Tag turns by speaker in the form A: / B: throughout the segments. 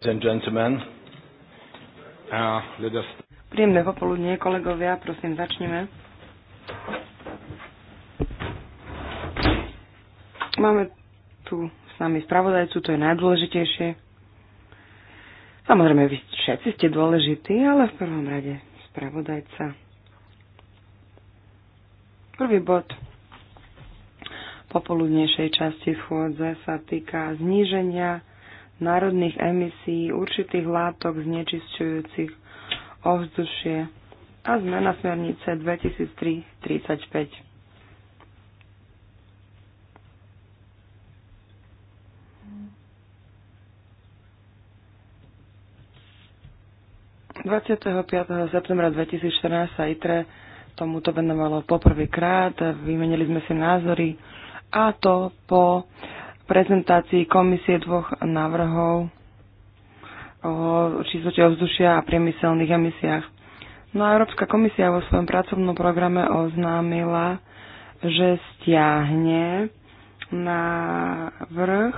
A: Uh,
B: Príjemné popoludnie, kolegovia, prosím, začneme. Máme tu s nami spravodajcu, to je najdôležitejšie. Samozrejme, vy všetci ste dôležití, ale v prvom rade spravodajca. Prvý bod popoludnejšej časti schôdze sa týka zníženia národných emisí určitých látok znečisťujúcich ovzdušie a zmena smernice 2003-35. septembra 2014 sa ITRE tomuto venovalo poprvýkrát, vymenili sme si názory a to po prezentácii komisie dvoch návrhov o čistote ovzdušia a priemyselných emisiách. No a Európska komisia vo svojom pracovnom programe oznámila, že stiahne na vrch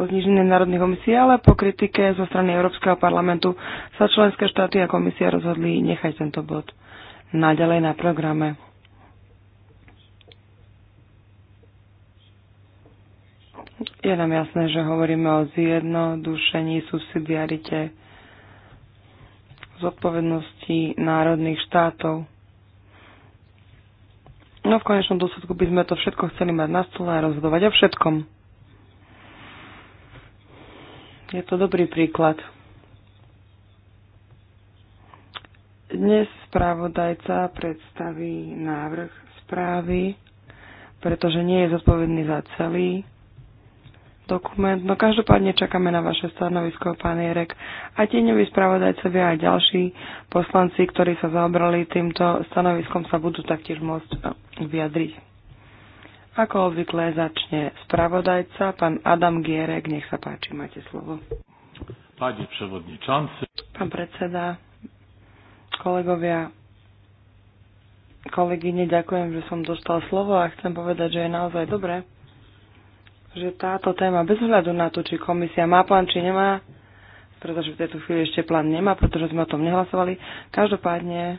B: o zniženie národných komisí, ale po kritike zo strany Európskeho parlamentu sa členské štáty a komisia rozhodli nechať tento bod naďalej na programe. Je nám jasné, že hovoríme o zjednodušení, subsidiarite, zodpovednosti národných štátov. No v konečnom dôsledku by sme to všetko chceli mať na stole a rozhodovať o všetkom. Je to dobrý príklad. Dnes spravodajca predstaví návrh správy, pretože nie je zodpovedný za celý dokument. No každopádne čakáme na vaše stanovisko, pán Jerek. A tieňoví spravodajcovia a ďalší poslanci, ktorí sa zaobrali týmto stanoviskom, sa budú taktiež môcť no, vyjadriť. Ako obvykle začne spravodajca, pán Adam Gierek, nech sa páči, máte slovo.
A: Pani przewodniczący.
B: Pán predseda, kolegovia, kolegyne, ďakujem, že som dostal slovo a chcem povedať, že je naozaj dobré, že táto téma, bez hľadu na to, či komisia má plán, či nemá, pretože v tejto chvíli ešte plán nemá, pretože sme o tom nehlasovali, každopádne e,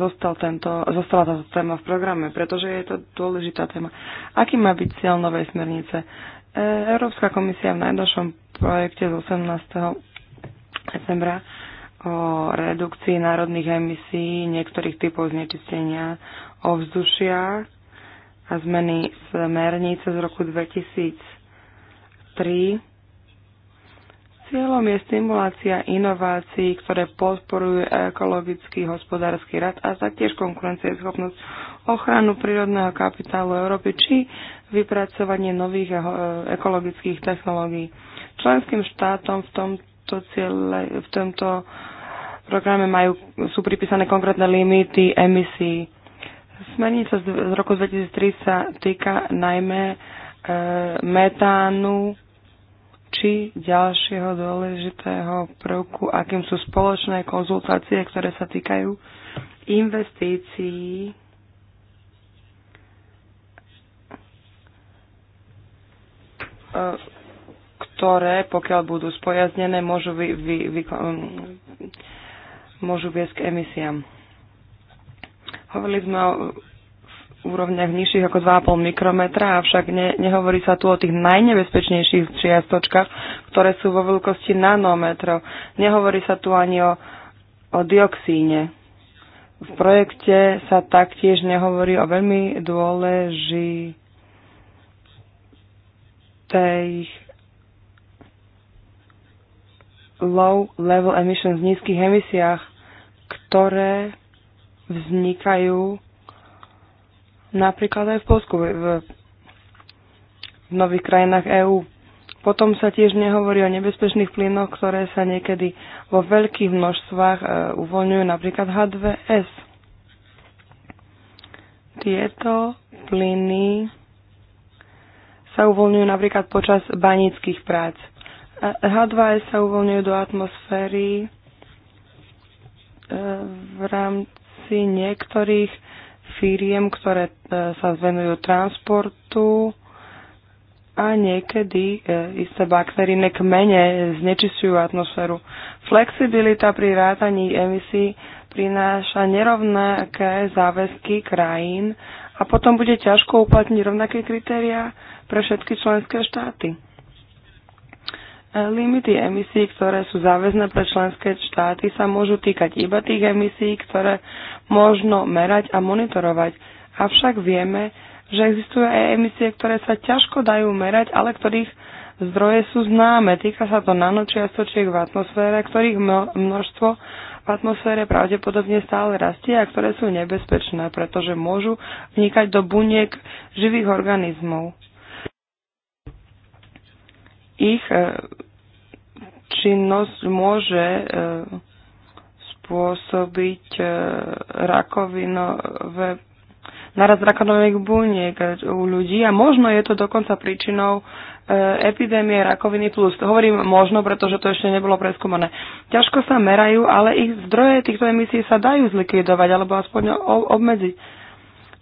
B: zostal tento, zostala táto téma v programe, pretože je to dôležitá téma. Aký má byť cieľ novej smernice? E, Európska komisia v najnovšom projekte z 18. decembra o redukcii národných emisí niektorých typov znečistenia ovzdušia a zmeny smernice z roku 2003. Cieľom je stimulácia inovácií, ktoré podporujú ekologický hospodársky rad a taktiež konkurencieschopnosť ochranu prírodného kapitálu Európy či vypracovanie nových eh, ekologických technológií. Členským štátom v tomto, cieľe, v tomto programe majú, sú pripísané konkrétne limity emisí Smernica z roku 2003 sa týka najmä e, metánu či ďalšieho dôležitého prvku, akým sú spoločné konzultácie, ktoré sa týkajú investícií e, ktoré, pokiaľ budú spojaznené, môžu, vy, vy, vy, môžu viesť k emisiám. Hovorili sme o úrovniach nižších ako 2,5 mikrometra, avšak ne, nehovorí sa tu o tých najnebezpečnejších čiastočkách, ktoré sú vo veľkosti nanometrov. Nehovorí sa tu ani o, o dioxíne. V projekte sa taktiež nehovorí o veľmi tej low level emissions, nízkych emisiách, ktoré vznikajú napríklad aj v Polsku, v, v nových krajinách EÚ. Potom sa tiež nehovorí o nebezpečných plynoch, ktoré sa niekedy vo veľkých množstvách e, uvoľňujú, napríklad H2S. Tieto plyny sa uvoľňujú napríklad počas banických prác. E, H2S sa uvoľňujú do atmosféry e, v rám, rámci niektorých firiem, ktoré e, sa venujú transportu a niekedy e, isté bakterijné kmene znečistujú atmosféru. Flexibilita pri rátaní emisí prináša nerovnaké záväzky krajín a potom bude ťažko uplatniť rovnaké kritériá pre všetky členské štáty. Limity emisí, ktoré sú záväzné pre členské štáty, sa môžu týkať iba tých emisí, ktoré možno merať a monitorovať. Avšak vieme, že existujú aj emisie, ktoré sa ťažko dajú merať, ale ktorých zdroje sú známe. Týka sa to nanočiastočiek v atmosfére, ktorých množstvo v atmosfére pravdepodobne stále rastie a ktoré sú nebezpečné, pretože môžu vnikať do buniek živých organizmov ich e, činnosť môže e, spôsobiť e, rakovinové naraz rakovinových buniek u ľudí a možno je to dokonca príčinou epidémie rakoviny plus. Hovorím možno, pretože to ešte nebolo preskúmané. Ťažko sa merajú, ale ich zdroje týchto emisí sa dajú zlikvidovať alebo aspoň obmedziť.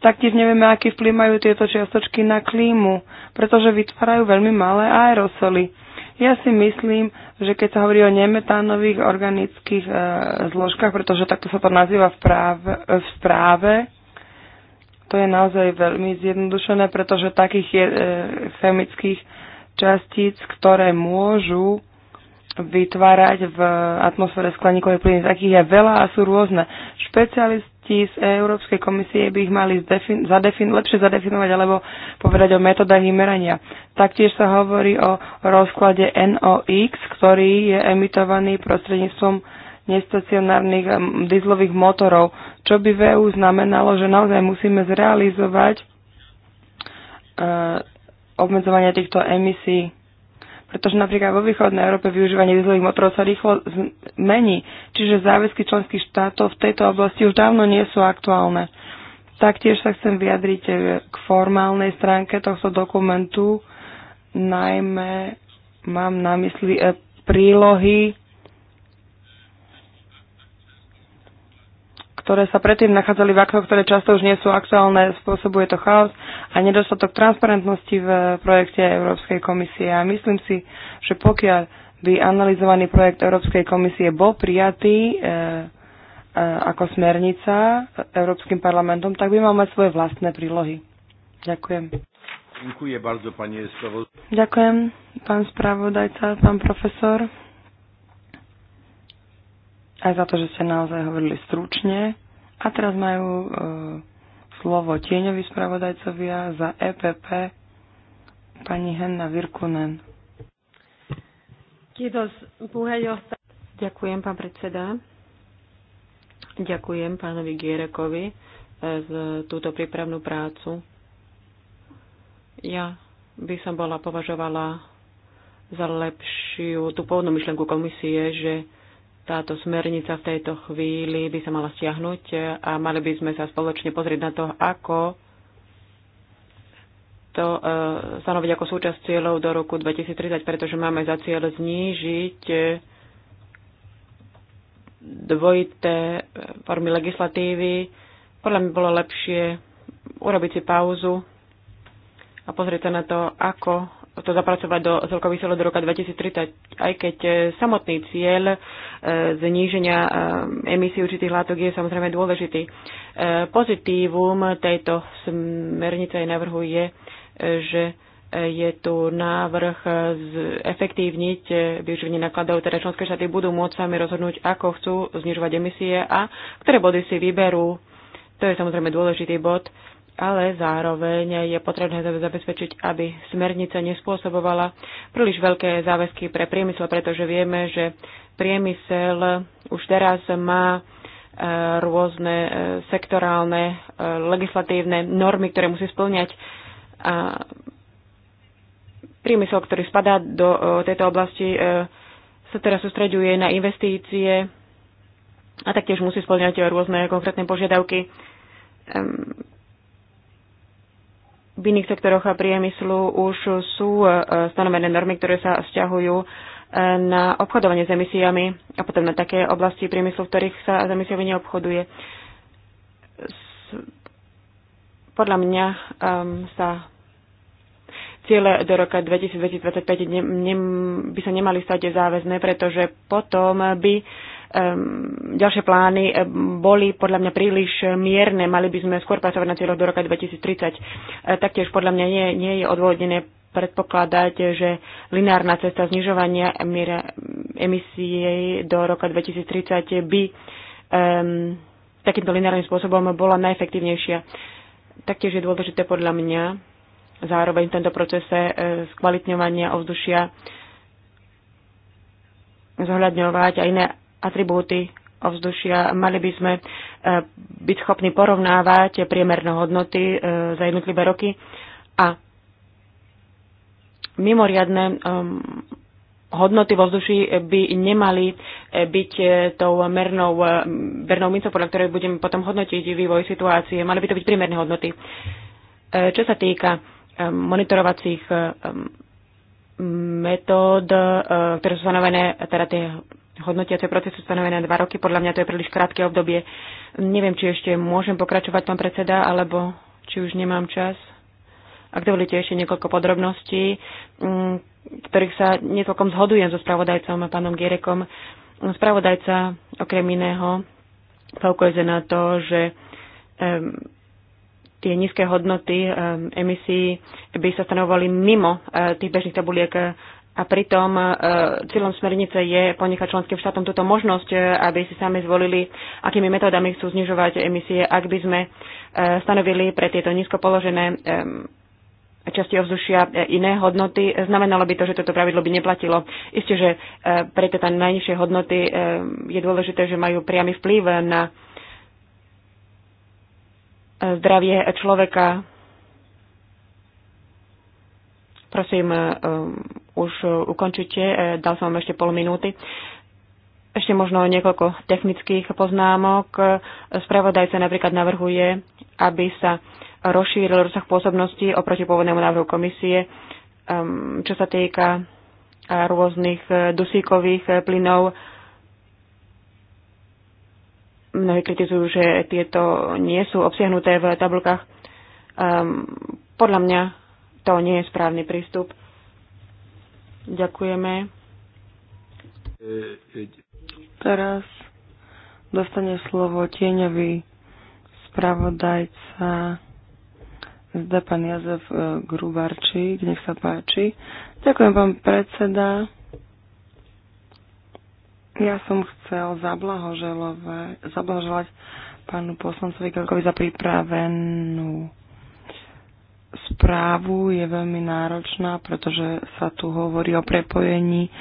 B: Taktiež nevieme, aký vplyv majú tieto čiastočky na klímu, pretože vytvárajú veľmi malé aerosoly. Ja si myslím, že keď sa hovorí o nemetánových organických e, zložkách, pretože takto sa to nazýva v, práve, e, v správe, to je naozaj veľmi zjednodušené, pretože takých je, e, chemických častíc, ktoré môžu vytvárať v atmosfére skleníkovej plyny, takých je veľa a sú rôzne. Špecialist experti z Európskej komisie by ich mali zdefin- zadefin- lepšie zadefinovať alebo povedať o metodách merania. Taktiež sa hovorí o rozklade NOx, ktorý je emitovaný prostredníctvom nestacionárnych dizlových motorov, čo by v EU znamenalo, že naozaj musíme zrealizovať uh, obmedzovanie týchto emisí pretože napríklad vo východnej Európe využívanie dieselových motorov sa rýchlo zmení, čiže záväzky členských štátov v tejto oblasti už dávno nie sú aktuálne. Taktiež sa chcem vyjadriť eh, k formálnej stránke tohto dokumentu, najmä mám na mysli eh, prílohy ktoré sa predtým nachádzali v aktoch, ktoré často už nie sú aktuálne, spôsobuje to chaos a nedostatok transparentnosti v projekte Európskej komisie. A myslím si, že pokiaľ by analyzovaný projekt Európskej komisie bol prijatý e, e, ako smernica Európskym parlamentom, tak by mal mať svoje vlastné prílohy. Ďakujem. bardzo, Ďakujem, pán spravodajca, pán profesor aj za to, že ste naozaj hovorili stručne. A teraz majú e, slovo tieňoví spravodajcovia za EPP pani Henna Virkunen.
C: Ďakujem, pán predseda. Ďakujem pánovi Gierekovi e, za túto prípravnú prácu. Ja by som bola považovala za lepšiu tú pôvodnú myšlenku komisie, že táto smernica v tejto chvíli by sa mala stiahnuť a mali by sme sa spoločne pozrieť na to, ako to e, stanoviť ako súčasť cieľov do roku 2030, pretože máme za cieľ znížiť dvojité e, formy legislatívy. Podľa mňa bolo lepšie urobiť si pauzu a pozrieť sa na to, ako to zapracovať do celkových cieľov do roka 2030, aj keď e, samotný cieľ e, zníženia e, emisí určitých látok je samozrejme dôležitý. Pozitívum tejto smernice aj návrhu je, že je tu návrh zefektívniť využívanie nákladov, teda členské štáty budú môcť sami rozhodnúť, ako chcú znižovať emisie a ktoré body si vyberú. To je samozrejme dôležitý bod ale zároveň je potrebné zabezpečiť, aby smernica nespôsobovala príliš veľké záväzky pre priemysel, pretože vieme, že priemysel už teraz má e, rôzne e, sektorálne e, legislatívne normy, ktoré musí splňať. A priemysel, ktorý spadá do tejto oblasti, sa teraz sústreďuje na investície a taktiež musí splňať rôzne konkrétne požiadavky v iných sektoroch a priemyslu už sú e, stanovené normy, ktoré sa vzťahujú e, na obchodovanie s emisiami a potom na také oblasti priemyslu, v ktorých sa s emisiami neobchoduje. Podľa mňa um, sa ciele do roka 2025 ne, ne, by sa nemali stať záväzné, pretože potom by uh, ďalšie plány boli podľa mňa príliš mierne. Mali by sme skôr pracovať na cieľoch do roka 2030. E, taktiež podľa mňa nie, nie je odvodnené predpokladať, že lineárna cesta znižovania emisie do roka 2030 by um, takýmto lineárnym spôsobom bola najefektívnejšia. Taktiež je dôležité podľa mňa zároveň tento proces procese e, skvalitňovania ovzdušia zohľadňovať aj iné atribúty ovzdušia. Mali by sme e, byť schopní porovnávať priemerné hodnoty e, za jednotlivé roky a mimoriadne e, hodnoty vo vzduši by nemali byť tou mernou, mernou mincou, podľa ktorej budeme potom hodnotiť vývoj situácie. Mali by to byť priemerné hodnoty. Čo sa týka monitorovacích metód, ktoré sú stanovené, teda tie hodnotiace procesu stanovené dva roky. Podľa mňa to je príliš krátke obdobie. Neviem, či ešte môžem pokračovať, pán predseda, alebo či už nemám čas. Ak dovolíte ešte niekoľko podrobností, mm, ktorých sa niekoľkom zhodujem so spravodajcom a pánom Gierekom. Spravodajca okrem iného poukazuje na to, že tie nízke hodnoty emisí by sa stanovali mimo eh, tých bežných tabuliek a pritom uh, cieľom smernice je ponechať členským štátom túto možnosť, e, aby si sami zvolili, akými metódami chcú znižovať emisie, ak by sme uh, stanovili pre tieto nízko položené časti ovzdušia iné hodnoty. Znamenalo by to, že toto pravidlo by neplatilo. Isté, že pre tieto najnižšie hodnoty je dôležité, že majú priamy vplyv na zdravie človeka. Prosím, už e, ukončite, e, Dal som vám ešte pol minúty. Ešte možno niekoľko technických poznámok. E, spravodajca napríklad navrhuje, aby sa rozšíril rozsah pôsobnosti oproti pôvodnému návrhu komisie, čo sa týka rôznych dusíkových plynov. Mnohí kritizujú, že tieto nie sú obsiahnuté v tabulkách. Podľa mňa to nie je správny prístup. Ďakujeme.
B: Teraz dostane slovo tieňový spravodajca zda pán Jazef e, Grubarčík, nech sa páči. Ďakujem, pán predseda. Ja som chcel zablahoželať pánu poslancovi Kelkovi za pripravenú správu je veľmi náročná, pretože sa tu hovorí o prepojení e,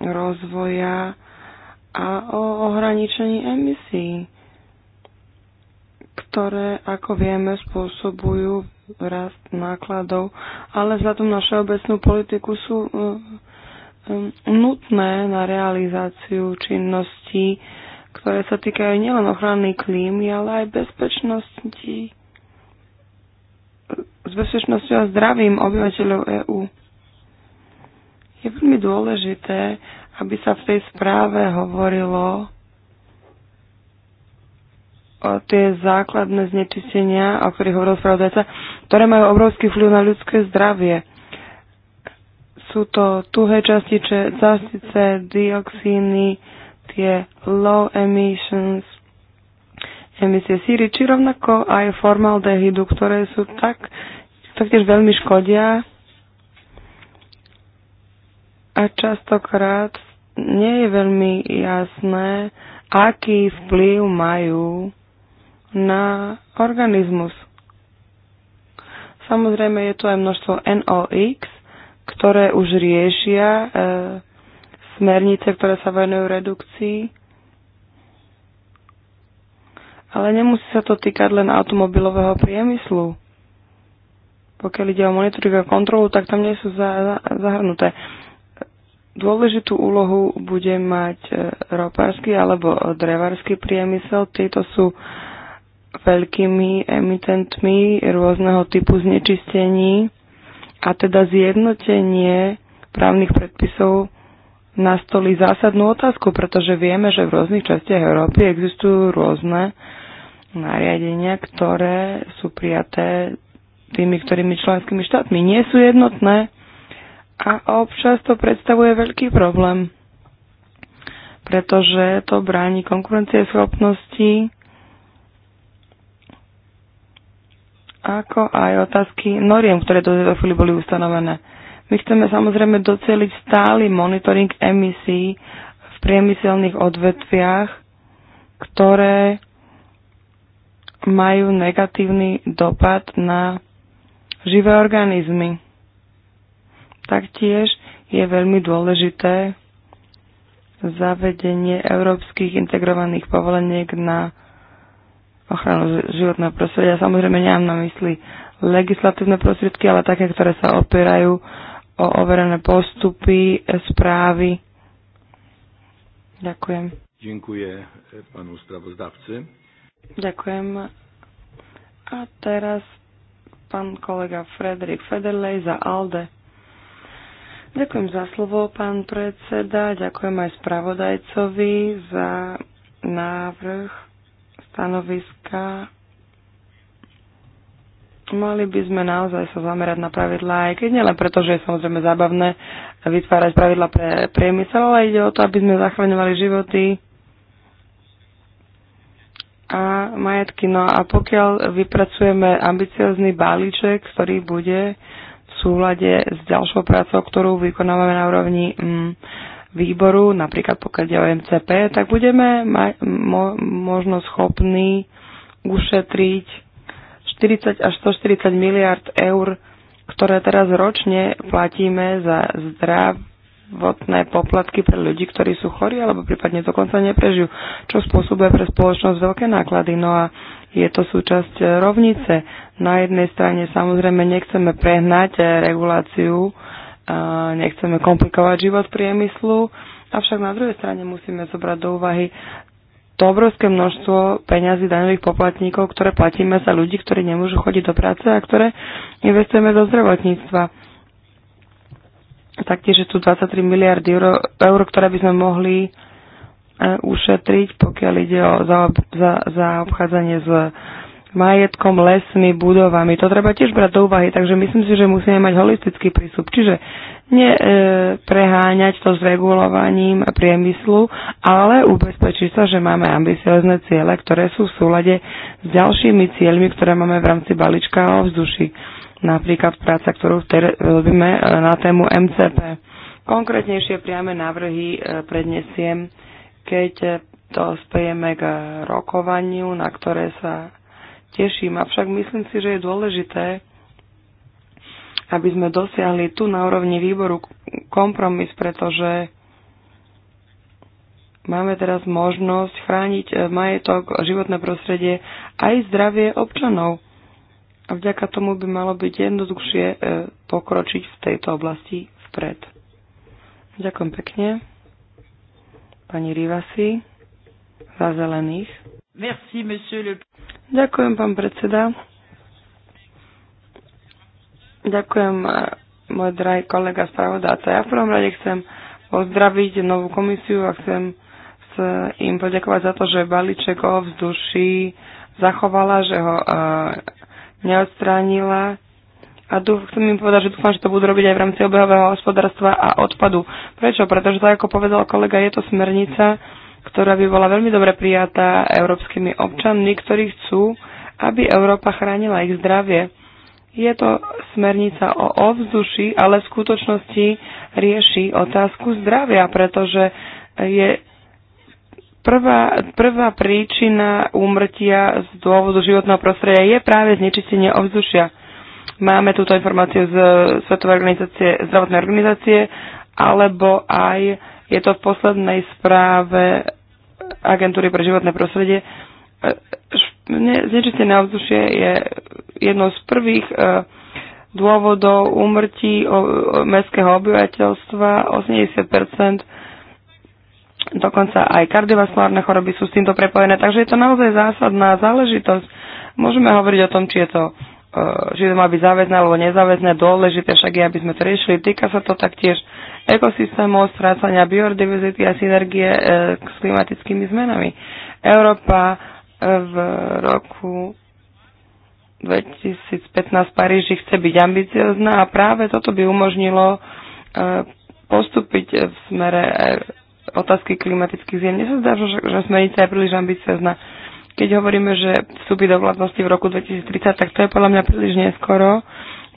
B: rozvoja a o ohraničení emisí, ktoré, ako vieme, spôsobujú rast nákladov, ale vzhľadom na všeobecnú politiku sú e, e, nutné na realizáciu činností, ktoré sa týkajú nielen ochrany klímy, ale aj bezpečnosti s bezpečnosťou a zdravím obyvateľov EÚ. Je veľmi dôležité, aby sa v tej správe hovorilo o tie základné znečistenia, o ktorých hovoril spravodajca, ktoré majú obrovský vplyv na ľudské zdravie. Sú to tuhé častice, zastice, dioxíny, tie low emissions emisie síry, či rovnako aj formaldehydu, ktoré sú tak, taktiež veľmi škodia a častokrát nie je veľmi jasné, aký vplyv majú na organizmus. Samozrejme je to aj množstvo NOx, ktoré už riešia e, smernice, ktoré sa venujú redukcii ale nemusí sa to týkať len automobilového priemyslu. Pokiaľ ide o monitoring a kontrolu, tak tam nie sú zahrnuté. Dôležitú úlohu bude mať e, ropársky alebo drevársky priemysel. Tieto sú veľkými emitentmi rôzneho typu znečistení a teda zjednotenie právnych predpisov nastolí zásadnú otázku, pretože vieme, že v rôznych častiach Európy existujú rôzne nariadenia, ktoré sú prijaté tými, ktorými členskými štátmi nie sú jednotné a občas to predstavuje veľký problém, pretože to bráni konkurencieschopnosti ako aj otázky noriem, ktoré do tejto chvíli boli ustanovené. My chceme samozrejme doceliť stály monitoring emisí v priemyselných odvetviach, ktoré majú negatívny dopad na živé organizmy. Taktiež je veľmi dôležité zavedenie európskych integrovaných povoleniek na ochranu životného prostredia. Samozrejme, nemám na mysli legislatívne prostriedky, ale také, ktoré sa opierajú o overené postupy, správy. Ďakujem.
C: Dziękuję panu sprawozdawcy.
B: Ďakujem. A teraz pán kolega Frederik Federlej za ALDE. Ďakujem za slovo, pán predseda. Ďakujem aj spravodajcovi za návrh stanoviska. Mali by sme naozaj sa zamerať na pravidlá, aj keď nielen preto, že je samozrejme zábavné vytvárať pravidlá pre priemysel, ale ide o to, aby sme zachraňovali životy a majetky. No a pokiaľ vypracujeme ambiciozný balíček, ktorý bude v súlade s ďalšou prácou, ktorú vykonávame na úrovni mm, výboru, napríklad pokiaľ ide o MCP, tak budeme ma- mo- možno schopní ušetriť 40 až 140 miliard eur, ktoré teraz ročne platíme za zdrav zdravotné poplatky pre ľudí, ktorí sú chorí alebo prípadne dokonca neprežijú, čo spôsobuje pre spoločnosť veľké náklady. No a je to súčasť rovnice. Na jednej strane samozrejme nechceme prehnať reguláciu, nechceme komplikovať život priemyslu, avšak na druhej strane musíme zobrať do úvahy to obrovské množstvo peňazí daňových poplatníkov, ktoré platíme za ľudí, ktorí nemôžu chodiť do práce a ktoré investujeme do zdravotníctva Taktiež je tu 23 miliard eur, eur ktoré by sme mohli e, ušetriť, pokiaľ ide o zaobchádzanie za, za, obchádzanie s majetkom, lesmi, budovami. To treba tiež brať do úvahy, takže myslím si, že musíme mať holistický prístup. Čiže nepreháňať e, to s regulovaním priemyslu, ale ubezpečiť sa, že máme ambiciozne ciele, ktoré sú v súlade s ďalšími cieľmi, ktoré máme v rámci balíčka o vzduši napríklad práca, ktorú e, robíme e, na tému MCP. Konkrétnejšie priame návrhy e, prednesiem, keď to spejeme k rokovaniu, na ktoré sa teším. Avšak myslím si, že je dôležité, aby sme dosiahli tu na úrovni výboru kompromis, pretože máme teraz možnosť chrániť majetok, životné prostredie aj zdravie občanov. A vďaka tomu by malo byť jednoduchšie e, pokročiť v tejto oblasti vpred. Ďakujem pekne. Pani Rivasi za zelených. Merci, monsieur le... Ďakujem, pán predseda. Ďakujem, e, môj drahý kolega spravodáca. Ja v prvom rade chcem pozdraviť novú komisiu a chcem im poďakovať za to, že balíček o vzduší zachovala, že ho e, neodstránila. A tu chcem im povedať, že dúfam, že to budú robiť aj v rámci obehového hospodárstva a odpadu. Prečo? Pretože tak, ako povedal kolega, je to smernica, ktorá by bola veľmi dobre prijatá európskymi občanmi, ktorí chcú, aby Európa chránila ich zdravie. Je to smernica o ovzduši, ale v skutočnosti rieši otázku zdravia, pretože je Prvá, prvá príčina úmrtia z dôvodu životného prostredia je práve znečistenie ovzdušia. Máme túto informáciu z Svetovej organizácie, zdravotnej organizácie, alebo aj je to v poslednej správe agentúry pre životné prostredie. E, Znečistené ovzdušie je jednou z prvých e, dôvodov úmrtí mestského obyvateľstva. 80 dokonca aj kardiovaskulárne choroby sú s týmto prepojené, takže je to naozaj zásadná záležitosť. Môžeme hovoriť o tom, či je to e, či to má byť záväzné alebo nezáväzné, dôležité však je, aby sme to riešili. Týka sa to taktiež ekosystémov, strácania biodiverzity a synergie e, s klimatickými zmenami. Európa e, v roku 2015 v Paríži chce byť ambiciozná a práve toto by umožnilo postúpiť v smere otázky klimatických zmien. Mne sa zdá, že, že smernica je príliš ambiciozná. Keď hovoríme, že vstúpi do vládnosti v roku 2030, tak to je podľa mňa príliš neskoro.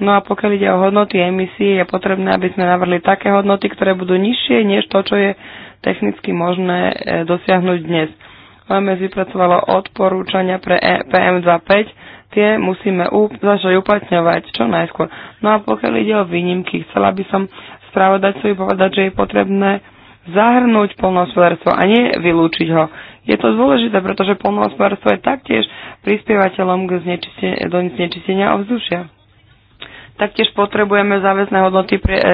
B: No a pokiaľ ide o hodnoty emisí, je potrebné, aby sme navrli také hodnoty, ktoré budú nižšie než to, čo je technicky možné e, dosiahnuť dnes. OMS vypracovalo odporúčania pre e, PM25, tie musíme začať uplatňovať čo najskôr. No a pokiaľ ide o výnimky, chcela by som spravodajcovi povedať, že je potrebné zahrnúť polnohospodárstvo a nie vylúčiť ho. Je to dôležité, pretože polnohospodárstvo je taktiež prispievateľom k znečistenia, do znečistenia ovzdušia. Taktiež potrebujeme záväzné hodnoty pre e, e,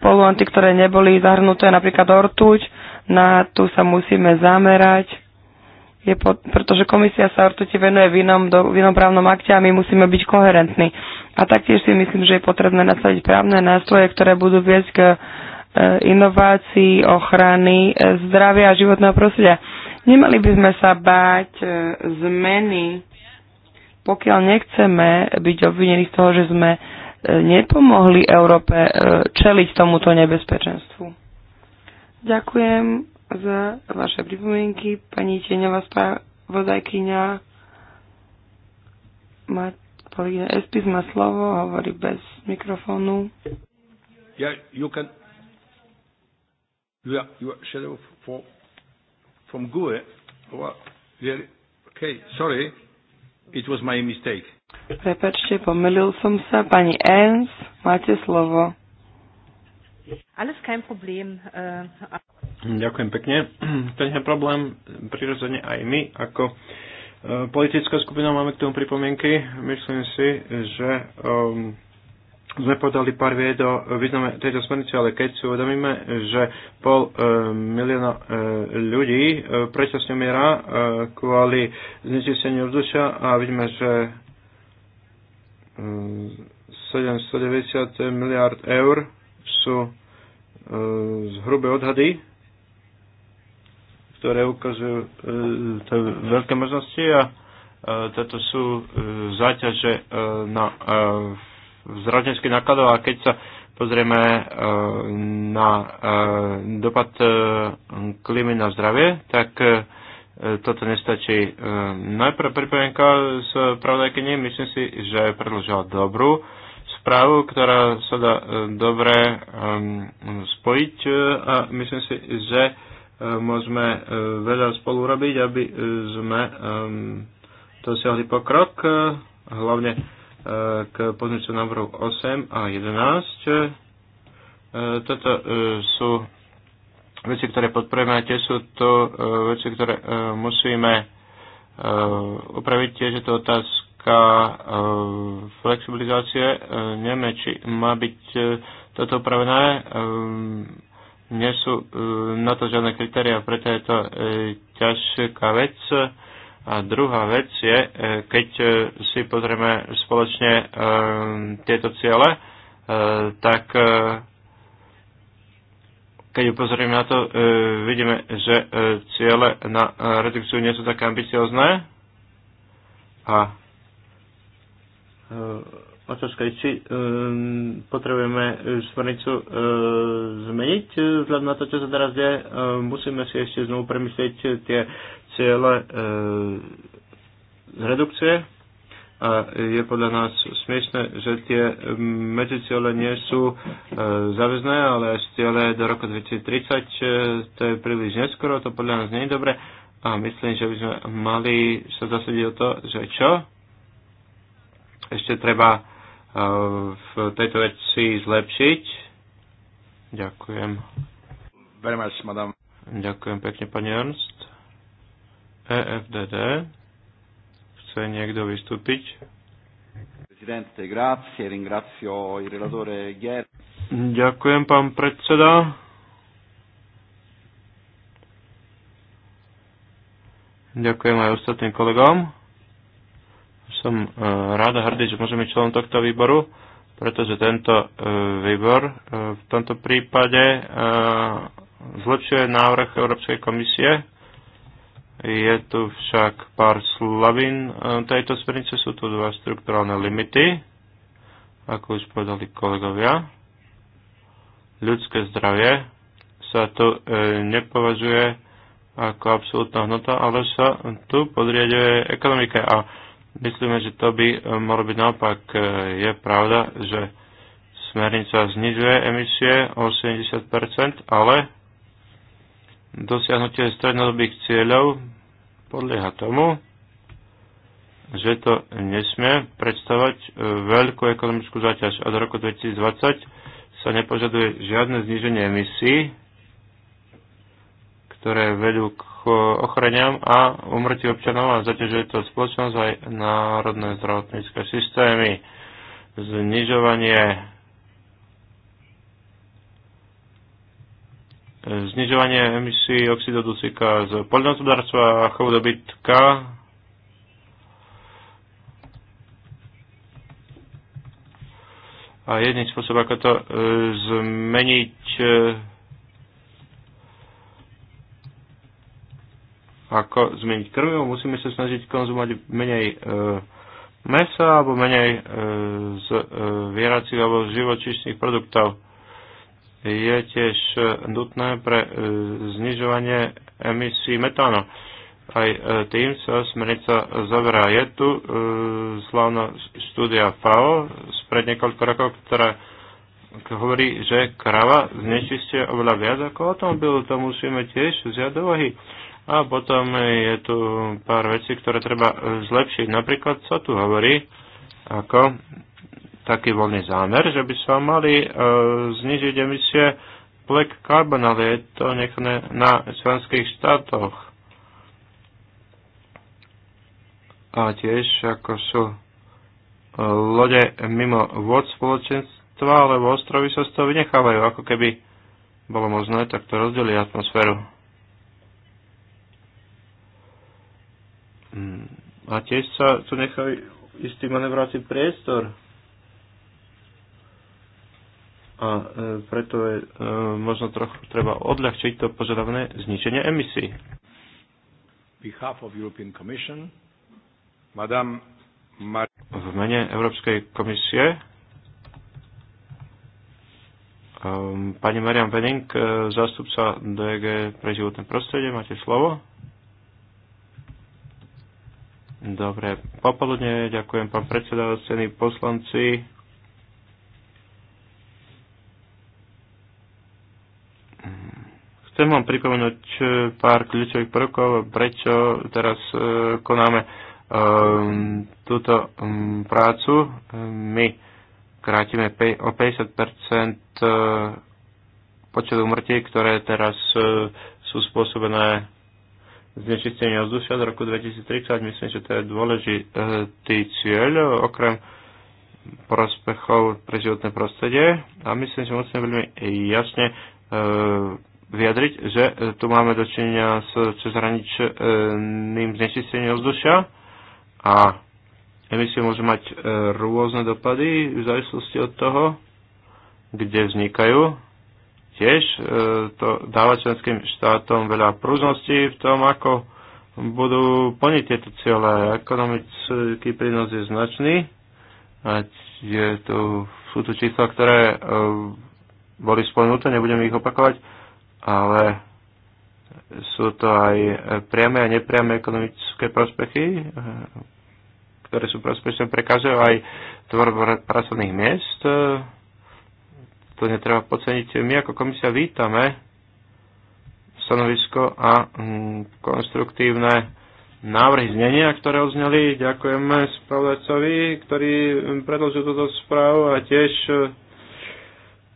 B: polnohospodárstvo, ktoré neboli zahrnuté, napríklad ortuť. Na tu sa musíme zamerať, je pot, pretože komisia sa ortuti venuje v inom, do, v inom právnom akte a my musíme byť koherentní. A taktiež si myslím, že je potrebné nastaviť právne nástroje, ktoré budú viesť k Eh, inovácií, ochrany eh, zdravia a životného prostredia. Nemali by sme sa báť eh, zmeny, pokiaľ nechceme byť obvinení z toho, že sme nepomohli Európe čeliť tomuto nebezpečenstvu. Ďakujem za vaše pripomienky, pani Tieňová spravodajkyňa. Kolegyňa Espis má slovo, hovorí bez mikrofónu.
C: Yeah, you can, You
A: are, you are shadow for, from GUE. Well, okay, sorry. It was my mistake.
B: Prepačte, pomylil som sa. Pani Ernst, máte slovo.
C: Alles kein Problem. Uh,
A: Ďakujem pekne. Ten je problém prirodzene aj my, ako äh, politická skupina máme k tomu pripomienky. Myslím si, že um, sme podali pár vie do význame tejto smernice, ale keď si uvedomíme, že pol e, milióna e, ľudí e, predčasne umiera e, kvôli znečisteniu vzdušia a vidíme, že e, 790 miliard eur sú e, z hrubé odhady, ktoré ukazujú e, to veľké možnosti a e, toto sú e, záťaže e, na e, zdravotníckých nákladov a keď sa pozrieme e, na e, dopad e, klímy na zdravie, tak toto nestačí. Najprv pripomienka z pravdajkyni, myslím si, že predložila dobrú správu, ktorá sa dá dobre spojiť a myslím si, že môžeme veľa spolu robiť, aby sme dosiahli pokrok, hlavne k pozmeňujúcom návrhu 8 a 11. E, toto e, sú veci, ktoré podporujeme a tie sú to e, veci, ktoré musíme upraviť. Tiež je to otázka flexibilizácie. Neme, či má byť toto upravené. Nie sú na to žiadne kritéria, preto je to ťažká vec a druhá vec je, e, keď e, si pozrieme spoločne e, tieto ciele, tak keď upozoríme na to, vidíme, že ciele na redukciu nie sú také ambiciozné A otázka je, či potrebujeme smernicu zmeniť vzhľadom na to, čo sa teraz deje. musíme si ešte znovu premyslieť tie ciele e, redukcie a je podľa nás smiešne, že tie medziciele nie sú e, záväzné, ale ciele do roku 2030 e, to je príliš neskoro, to podľa nás nie je dobre a myslím, že by sme mali sa zasadiť o to, že čo ešte treba e, v tejto veci zlepšiť. Ďakujem. Very much, madam. Ďakujem pekne, pani Ernst. EFDD. Chce niekto vystúpiť? Presidente, grazie, ringrazio il relatore Gher. Ďakujem, pán predseda. Ďakujem aj ostatným kolegom. Som e, a hrdý, že môžem byť členom tohto výboru, pretože tento e, výbor e, v tomto prípade zlepšuje návrh Európskej komisie je tu však pár slavín e, tejto smernice, sú tu dva štruktúrálne limity, ako už povedali kolegovia. Ľudské zdravie sa tu e, nepovažuje ako absolútna hodnota, ale sa tu podriaduje ekonomike a myslíme, že to by e, malo byť naopak. E, je pravda, že smernica znižuje emisie o 70%, ale dosiahnutie strednodobých cieľov podlieha tomu, že to nesmie predstavať e, veľkú ekonomickú záťaž. A do roku 2020 sa nepožaduje žiadne zníženie emisí, ktoré vedú k ochraniam a umrti občanov a zaťažuje to spoločnosť aj národné zdravotnícke systémy. Znižovanie znižovanie emisí oxidu dusíka z poľnohospodárstva a chovu dobytka. A jedný spôsob, ako to e, zmeniť, e, ako zmeniť krvivo, musíme sa snažiť konzumovať menej e, mesa alebo menej z vieracích alebo živočíšnych produktov je tiež e, nutné pre e, znižovanie emisí metánu. Aj e, tým sa smernica zaverá. Je tu slavná štúdia FAO spred niekoľko rokov, ktorá hovorí, že krava znečistie oveľa viac ako automobil, to musíme tiež vziať do vahy. A potom je tu pár vecí, ktoré treba zlepšiť. Napríklad, co tu hovorí, ako taký voľný zámer, že by sa mali e, znižiť emisie black carbon, ale je to nechané na členských štátoch. A tiež ako sú e, lode mimo vod spoločenstva alebo ostrovy sa z toho vynechávajú, ako keby bolo možné, tak to rozdelí atmosféru. Mm. A tiež sa tu nechajú istý manevrovací priestor a e, preto je e, možno trochu treba odľahčiť to požadavné zničenie emisí. v mene Európskej komisie e, Pani Mariam Wenning, zástupca DG pre životné prostredie, máte slovo. Dobre, popoludne, ďakujem pán predseda, cení poslanci. Chcem vám pripomenúť eh, pár kľúčových prvkov, prečo teraz eh, konáme eh, túto mm, prácu. My krátime o 50 počet umrtí, ktoré teraz sú spôsobené znečistenie vzdušia z roku 2030. Myslím, že to je dôležitý cieľ, okrem prospechov pre životné prostredie. A myslím, že musíme veľmi jasne vyjadriť, že e, tu máme dočinenia s cezhraničným znečistením ovzdušia a emisie môžu mať e, rôzne dopady v závislosti od toho, kde vznikajú. Tiež e, to dáva členským štátom veľa prúžnosti v tom, ako budú plniť tieto ciele. Ekonomický prínos je značný a je sú tu čísla, ktoré boli spomenuté, nebudem ich opakovať ale sú to aj priame a nepriame ekonomické prospechy, eh, ktoré sú prospešné pre každého, aj tvorba pracovných miest. Eh, to netreba podceniť. My ako komisia vítame stanovisko a mm, konstruktívne návrhy znenia, ktoré odzneli. Ďakujeme spravodajcovi, ktorý predložil túto správu a tiež eh,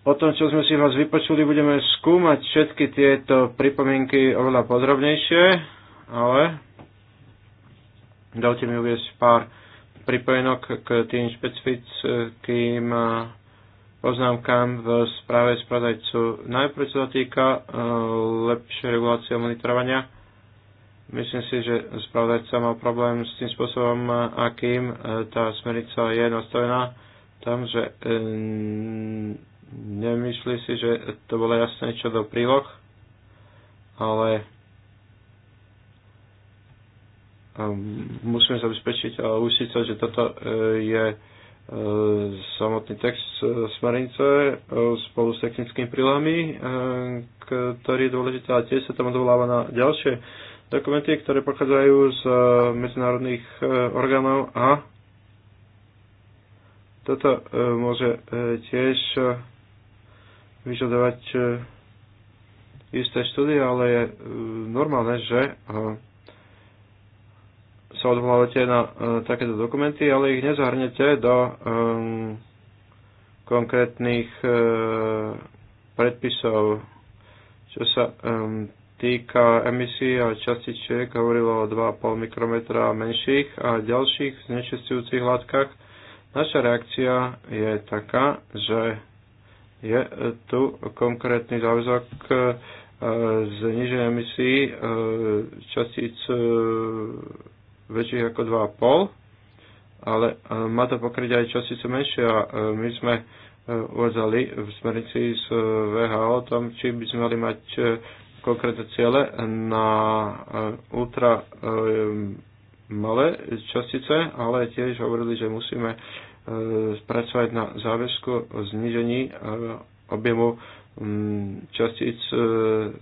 A: po tom, čo sme si vás vypočuli, budeme skúmať všetky tieto pripomienky oveľa podrobnejšie, ale dajte mi uvieť pár pripojenok k tým špecifickým eh, poznámkám v správe spravodajcu. Najprv, čo sa týka eh, lepšie regulácie monitorovania, myslím si, že spravodajca má problém s tým spôsobom, eh, akým tá smernica je nastavená. Tam, že Nemyslí si, že to bolo jasné čo do príloh, ale ehm, musíme zabezpečiť a usiť sa, že toto e, je e, samotný text e, smernice spolu s technickými prílohami, ktorý je dôležitý a tiež sa tam odvoláva na ďalšie dokumenty, ktoré pochádzajú z medzinárodných orgánov a toto môže tiež vyžadovať e, isté štúdie, ale je e, normálne, že e, sa odvolávate na takéto dokumenty, ale ich nezahrnete do konkrétnych predpisov, čo sa týka emisí a častičiek, hovorilo o 2,5 mikrometra menších a ďalších znečistujúcich látkach. Naša reakcia je taká, že je e, tu konkrétny záväzok e, e, zniženia emisí častíc väčších ako 2,5, ale má to pokryť aj častice menšie a my sme uvedzali v smernici z VHO o tom, či by sme mali mať konkrétne ciele na ultra malé častice, ale tiež hovorili, že musíme E, pracovať na záväzku o znižení e, objemu častíc e,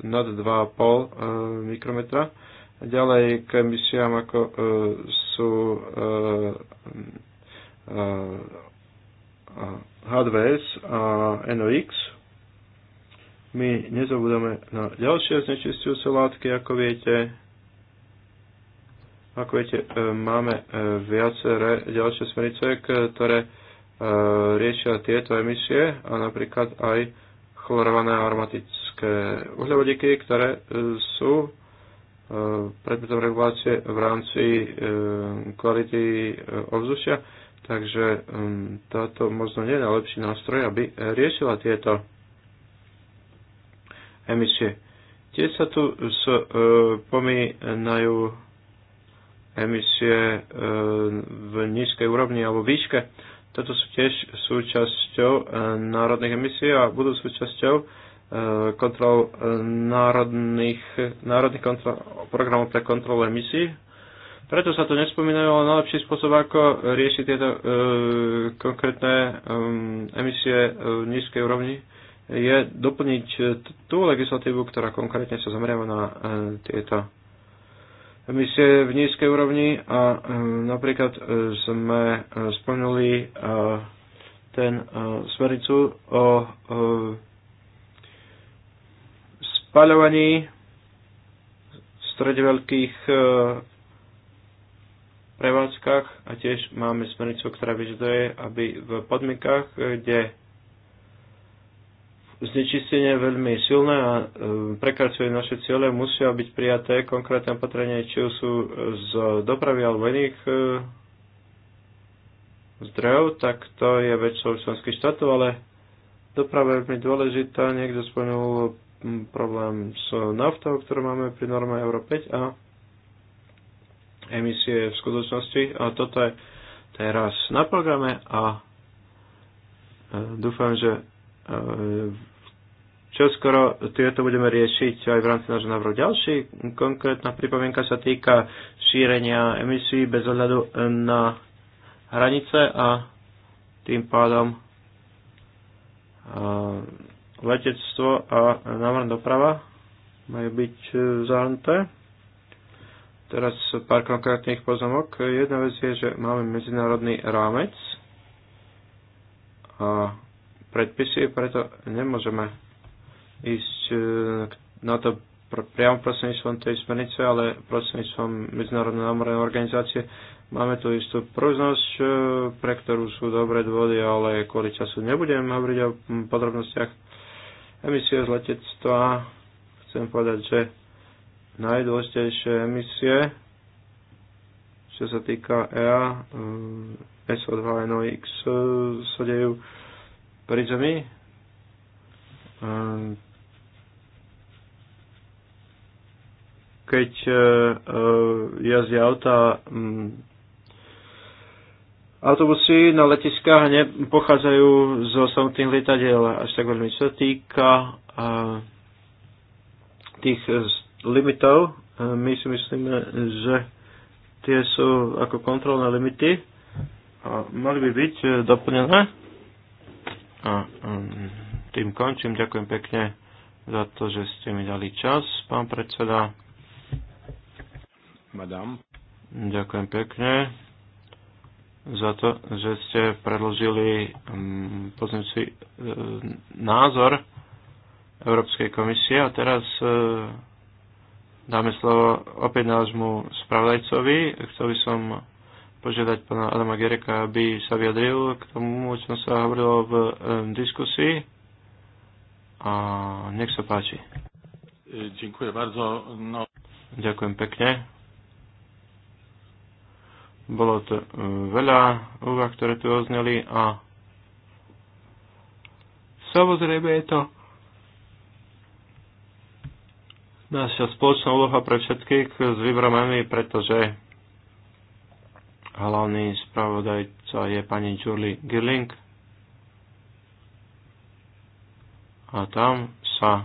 A: nad 2,5 mikrometra. Ďalej k emisiám, ako sú H2S a NOx. My nezabudeme na ďalšie znečistujúce látky, ako viete, ako viete, e, máme e, viaceré ďalšie smernice, ktoré e, riešia tieto emisie a napríklad aj chlorované aromatické uhľovodiky, ktoré sú predmetom regulácie v rámci kvality ovzdušia. Takže táto možno nie je najlepší nástroj, aby riešila tieto emisie. Tie sa tu spomínajú emisie e, v nízkej úrovni alebo výške. Toto sú tiež súčasťou e, národných emisí a budú súčasťou e, kontrol národných, národných kontrol, programov pre kontrolu emisí. Preto sa to nespomínajú, ale najlepší spôsob, ako riešiť tieto e, konkrétne e, emisie v nízkej úrovni, je doplniť tú legislatívu, ktorá konkrétne sa zameriava na e, tieto misie v nízkej úrovni a e, napríklad e, sme e, splnili ten smernicu o spaľovaní v strede veľkých prevádzkach a tiež máme smernicu, ktorá vyžaduje, aby v podmienkach, kde znečistenie je veľmi silné a e, prekračuje naše ciele, musia byť prijaté konkrétne opatrenia, či už sú z dopravy alebo iných e, zdrojov, tak to je väčšou členských štátov, ale doprava je veľmi dôležitá. Niekto spomenul problém s naftou, ktorú máme pri norme Euro 5 a emisie v skutočnosti. A toto je teraz na programe a e, dúfam, že Ehm, čo skoro tieto budeme riešiť aj v rámci nášho návrhu. Ďalší konkrétna pripomienka sa týka šírenia emisí bez ohľadu na hranice a tým pádom ehm, letectvo a návrh doprava majú byť e, zahrnuté. Teraz pár konkrétnych poznámok. Jedna vec je, že máme medzinárodný rámec a predpisy, preto nemôžeme ísť e, na to priamo prostredníctvom tej smernice, ale prostredníctvom Medzinárodnej námornej organizácie. Máme tu istú prúznosť, e, pre ktorú sú dobré dôvody, ale kvôli času nebudem hovoriť o podrobnostiach emisie z letectva. Chcem povedať, že najdôležitejšie emisie, čo sa týka EA, SO2NOx, e, sa dejú mi. Ehm, keď e, e, jazdí auta mm, autobusy na letiskách nepochádzajú zo samotných lietadiel až tak veľmi. Čo sa týka e, tých limitov, my si myslíme, že tie sú ako kontrolné limity a mali by byť doplnené a um, tým končím. Ďakujem pekne za to, že ste mi dali čas, pán predseda. Madame. Ďakujem pekne za to, že ste predložili um, si, uh, názor Európskej komisie. A teraz uh, dáme slovo opäť nášmu spravodajcovi. Chcel by som požiadať pána Adama Gereka, aby sa vyjadril k tomu, o čom sa hovorilo v um, diskusii. A nech sa páči. E, ďakujem bardzo. No. Ďakujem pekne. Bolo to veľa úvah, ktoré tu ozneli a samozrejme je to naša spoločná úloha pre všetkých s vybromami, pretože Hlavný spravodajca je pani Julie Girling. A tam sa e,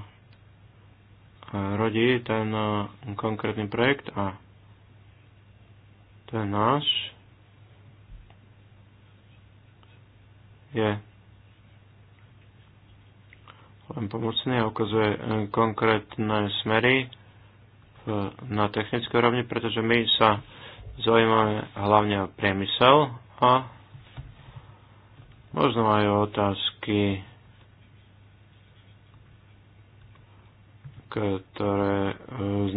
A: rodí ten e, konkrétny projekt a ten náš je len pomocný a ukazuje e, konkrétne smery na technické rovni, pretože my sa zaujímavé hlavne o priemysel a možno aj o otázky, ktoré e,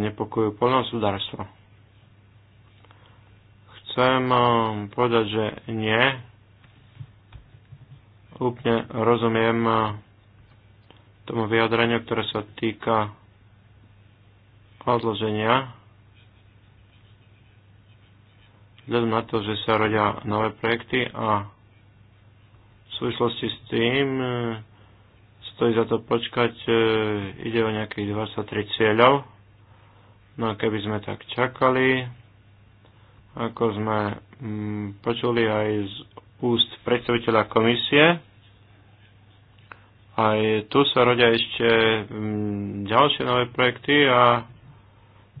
A: znepokojujú poľnohospodárstvo. Chcem e, povedať, že nie. Úplne rozumiem e, tomu vyjadreniu, ktoré sa týka odloženia vzhľadom na to, že sa rodia nové projekty a v súvislosti s tým e, stojí za to počkať, e, ide o nejakých 23 cieľov. No a keby sme tak čakali, ako sme mm, počuli aj z úst predstaviteľa komisie, aj tu sa rodia ešte mm, ďalšie nové projekty a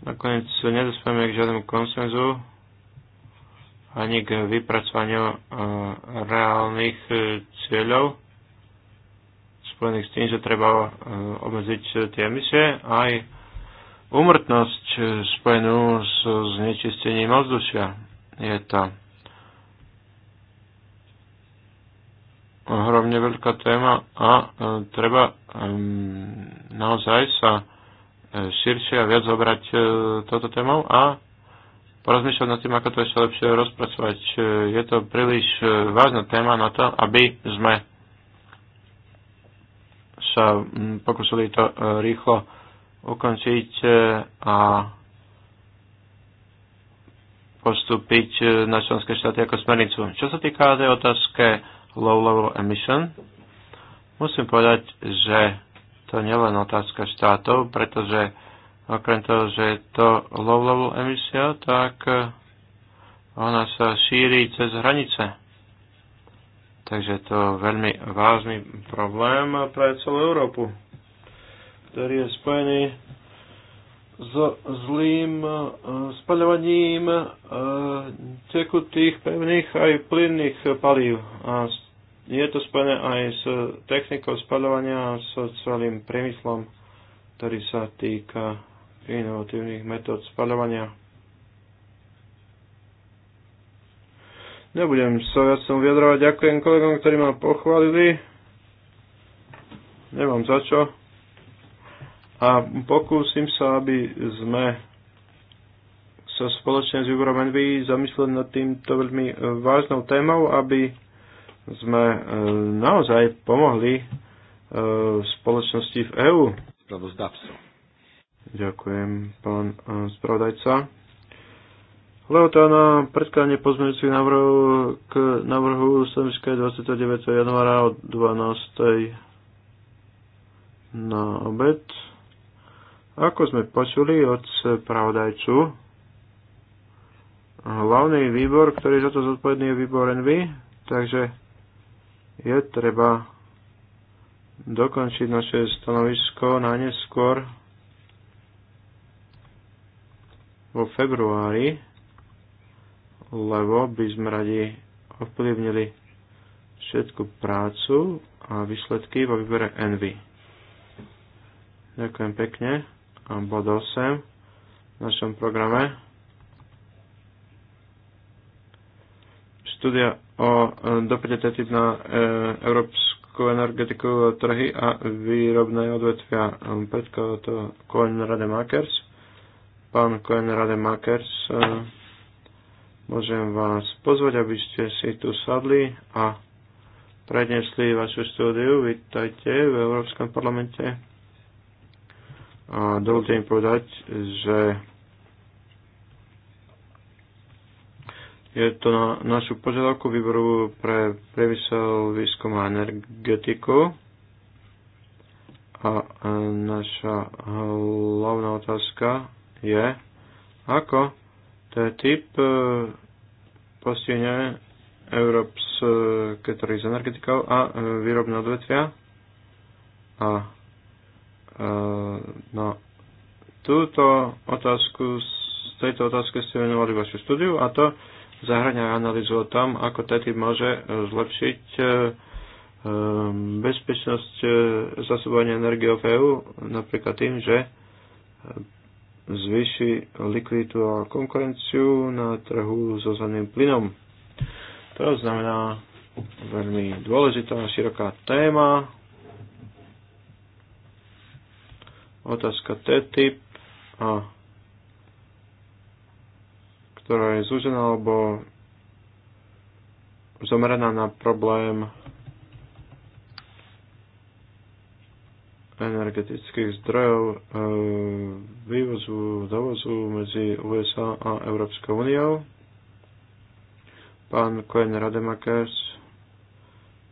A: nakoniec nedospieme k žiadnemu konsenzu ani k vypracovaniu e, reálnych e, cieľov spojených s tým, že treba e, obmedziť tie emisie, aj umrtnosť spojenú s znečistením ovzdušia. Je to ohromne veľká téma a treba naozaj sa širšie a viac obrať toto tému a porozmýšľať nad tým, ako to ešte lepšie rozpracovať. Je to príliš e, vážna téma na to, aby sme sa pokúsili to e, rýchlo ukončiť e, a postúpiť na členské štáty ako smernicu. Čo sa týka tej otázke low level emission, musím povedať, že to nie len otázka štátov, pretože Okrem toho, že je to low-level emisia, tak eh, ona sa šíri cez hranice. Takže to je veľmi vážny problém pre celú Európu, ktorý je spojený s zlým eh, spaľovaním eh, tekutých, pevných aj plynných palív. A je to spojené aj s technikou spaľovania, s celým priemyslom, ktorý sa týka inovatívnych metód spaľovania. Nebudem sa viac som vyjadrovať. Ďakujem kolegom, ktorí ma pochválili. Nemám za čo. A pokúsim sa, aby sme sa spoločne s Jugorom Envy zamysleli nad týmto veľmi e, vážnou témou, aby sme e, naozaj pomohli e, spoločnosti v EÚ. Sprawozdawcą. Ďakujem, pán e, spravodajca. to na predkladanie pozmeňujúcich návrhov k návrhu Slovenska 29. januára o 12. na obed. Ako sme počuli od spravodajcu, hlavný výbor, ktorý za to zodpovedný, je výbor NV, takže je treba dokončiť naše stanovisko najneskôr vo februári, lebo by sme radi ovplyvnili všetku prácu a výsledky vo výbere Envy. Ďakujem pekne. A bod 8 v našom programe. Štúdia o e, dopade TTIP na e, európsku energetiku, trhy a výrobné odvetvia. Predkladá to Cohen Rademakers pán Koen Rademakers. Eh, môžem vás pozvať, aby ste si tu sadli a prednesli vašu štúdiu. Vítajte v Európskom parlamente. A dovolte mi povedať, že je to na našu požiadavku výboru pre priemysel, výskum a energetiku. A eh, naša hlavná otázka je, ako je typ e, postihne európske ktorý z energetikou a e, výrobné odvetvia. A e, no, túto otázku, z tejto otázky ste venovali vašu štúdiu a to zahrania analýzu o tom, ako TTIP môže zlepšiť bezpečnosť zasobovania energie v EU napríklad tým, že zvýši likviditu a konkurenciu na trhu so zemným plynom. To znamená veľmi dôležitá a široká téma. Otázka T-typ, a, ktorá je zúžená alebo zameraná na problém energetických zdrojov e, vývozu, dovozu medzi USA a Európskou úniou. Pán Cohen Rademakers,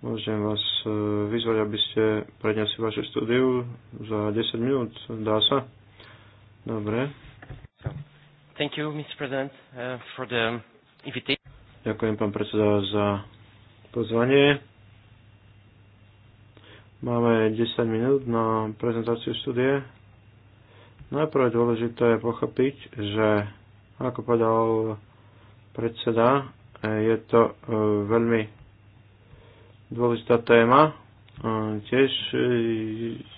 A: môžem vás e, vyzvať, aby ste prednesli vaše štúdiu za 10 minút. Dá sa? Dobre.
C: Thank you, Mr. President, uh, for the invitation.
A: Ďakujem, pán predseda, za pozvanie. Máme 10 minút na prezentáciu štúdie. Najprv je dôležité pochopiť, že ako povedal predseda, je to e, veľmi dôležitá téma. E, tiež e,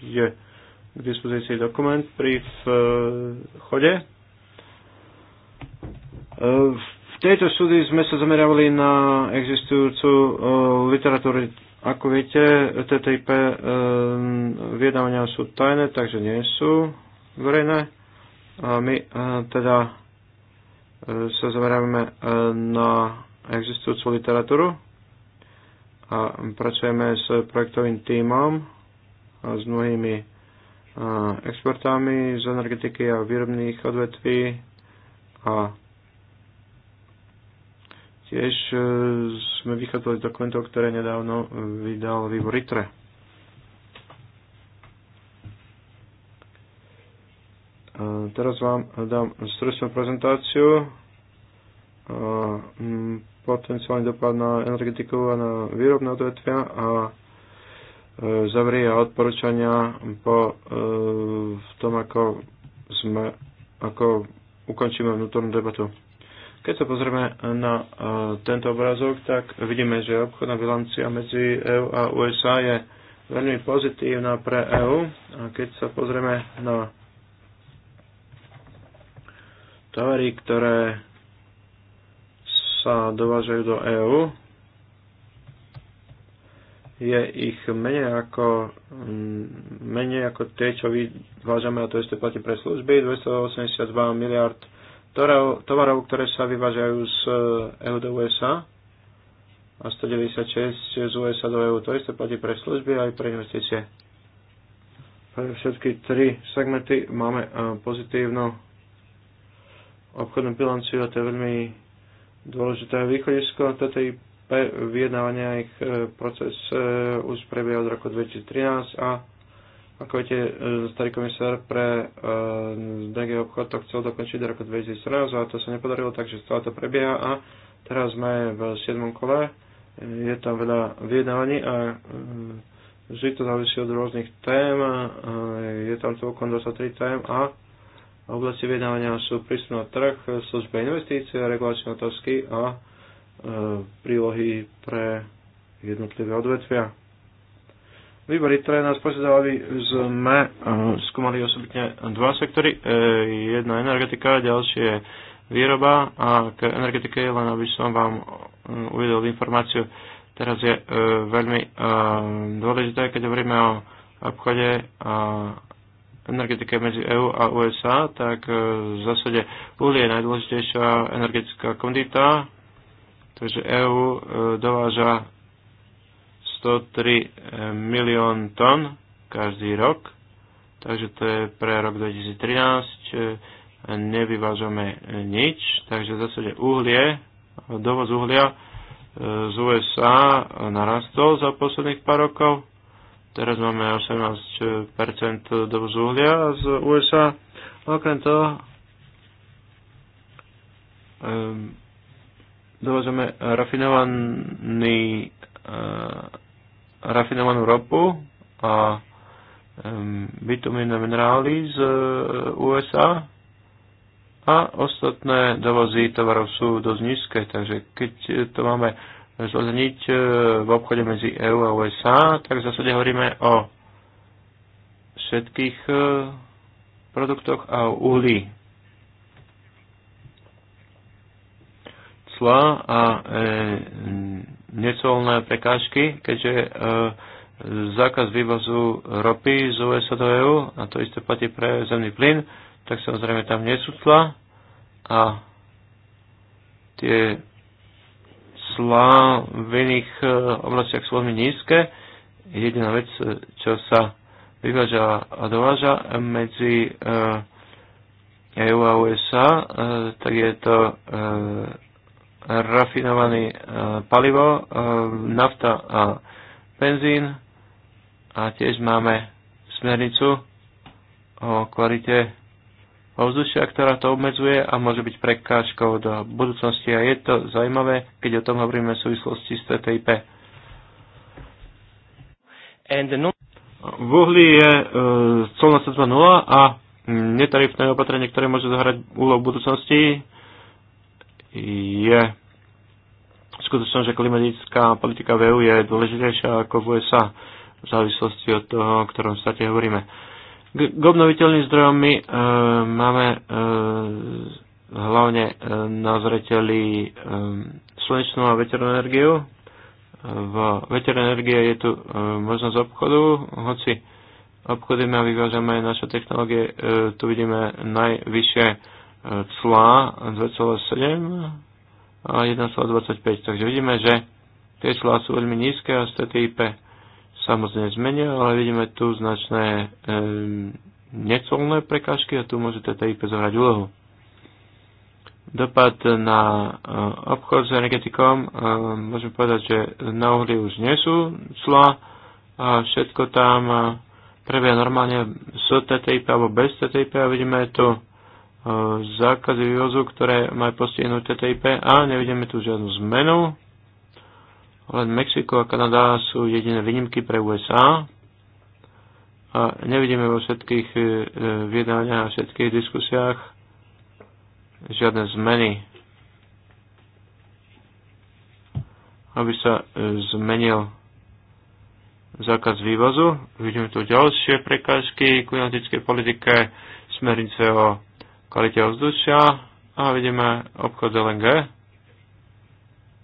A: je k dispozícii dokument pri chode. V tejto štúdii sme sa zamerali na existujúcu literatúru ako viete, TTIP e, ehm, vyjednávania sú tajné, takže nie sú verejné. A my eh, teda eh, sa zameráme eh, na existujúcu literatúru a pracujeme s projektovým tímom a s mnohými expertami z energetiky a výrobných odvetví a Tiež e, sme vychádzali z dokumentov, ktoré nedávno e, vydal výbor ITRE. E, teraz vám dám stresnú prezentáciu potenciálny dopad na energetiku a na výrobné odvetvia a zavrie a odporúčania po v tom, ako sme, ako ukončíme vnútornú debatu. Keď sa pozrieme na e, tento obrázok, tak vidíme, že obchodná bilancia medzi EU a USA je veľmi pozitívna pre EU. A keď sa pozrieme na tovary, ktoré sa dovážajú do EU, je ich menej ako, menej ako tie, čo vyvážame, a to isté platí pre služby, 282 miliard tovarov, ktoré sa vyvážajú z eh, EU do USA a 196 z USA do EU. To isté platí pre služby aj pre investície. Pre všetky tri segmenty máme eh, pozitívnu obchodnú bilanciu a to je veľmi dôležité východisko TTIP vyjednávania ich eh, proces už prebieha od roku 2013 a ako viete, e, starý komisár pre e, DG obchod to chcel dokončiť do roku 2017 a to sa nepodarilo, takže stále to prebieha a teraz sme v 7. kole, je tam veľa vyjednávaní a e, vždy to závisí od rôznych tém, je tam celkom 23 tém a oblasti vyjednávania sú prístup na trh, službe investície, regulačné otázky a prílohy pre jednotlivé odvetvia výbory, ktoré nás požiadali, aby sme eh, skúmali osobitne dva sektory. Eh, jedna energetika, ďalšie výroba a k energetike len aby som vám eh, uvedol informáciu. Teraz je veľmi dôležité, keď hovoríme o obchode a energetike medzi EÚ a USA, tak v zásade uhlie je najdôležitejšia energetická kondita, takže EÚ dováža 103 eh, milión tón každý rok, takže to je pre rok 2013, eh, nevyvážame eh, nič, takže v zásade uhlie, dovoz uhlia z USA narastol za posledných pár rokov. Teraz máme 18% dovoz uhlia z USA. Okrem toho dovozujeme rafinovaný rafinovanú ropu a bituminné minerály z e, USA a ostatné dovozy tovarov sú dosť nízke, takže keď to máme zleniť e, v obchode medzi EU a USA, tak v zásade hovoríme o všetkých e, produktoch a o uhlí. Cla a e, necolné prekážky, keďže e, zákaz vývozu ropy z USA do EU, a to isté platí pre zemný plyn, tak samozrejme tam nie sú tla a tie tla v iných e, oblastiach sú veľmi nízke. Jediná vec, e, čo sa vyváža a dováža medzi EU a USA, tak je to rafinovaný e, palivo, e, nafta a benzín a tiež máme smernicu o kvalite ovzdušia, ktorá to obmedzuje a môže byť prekážkou do budúcnosti. A je to zaujímavé, keď o tom hovoríme v súvislosti s TTIP. v uhli je e, colná 0 a netarifné opatrenie, ktoré môže zahrať úlohu v budúcnosti, je skutočnosť, že klimatická politika v EU je dôležitejšia ako v USA v závislosti od toho, o ktorom state hovoríme. K obnoviteľným zdrojom my e, máme e, hlavne e, na zreteli e, slnečnú a veternú energiu. V veternej energie je tu e, možnosť obchodu, hoci obchodujeme a vyvážame naše technológie, e, tu vidíme najvyššie clá 2,7 a 1,25. Takže vidíme, že tie clá sú veľmi nízke a STTIP samozrejme zmenia, ale vidíme tu značné e, necolné prekážky a tu môže TTIP zohrať úlohu. Dopad na eh, obchod s energetikom, eh, môžeme povedať, že na uhli už nie sú clá a všetko tam eh, prebieha normálne s TTIP alebo bez TTIP a vidíme tu zákazy vývozu, ktoré majú postihnúť TTIP a nevidíme tu žiadnu zmenu. Len Mexiko a Kanada sú jediné výnimky pre USA a nevidíme vo všetkých e, vydaniach a všetkých diskusiách žiadne zmeny, aby sa e, zmenil zákaz vývozu. Vidíme tu ďalšie prekážky klimatickej politike, smernice o kvalite ovzdušia a vidíme obchod z LNG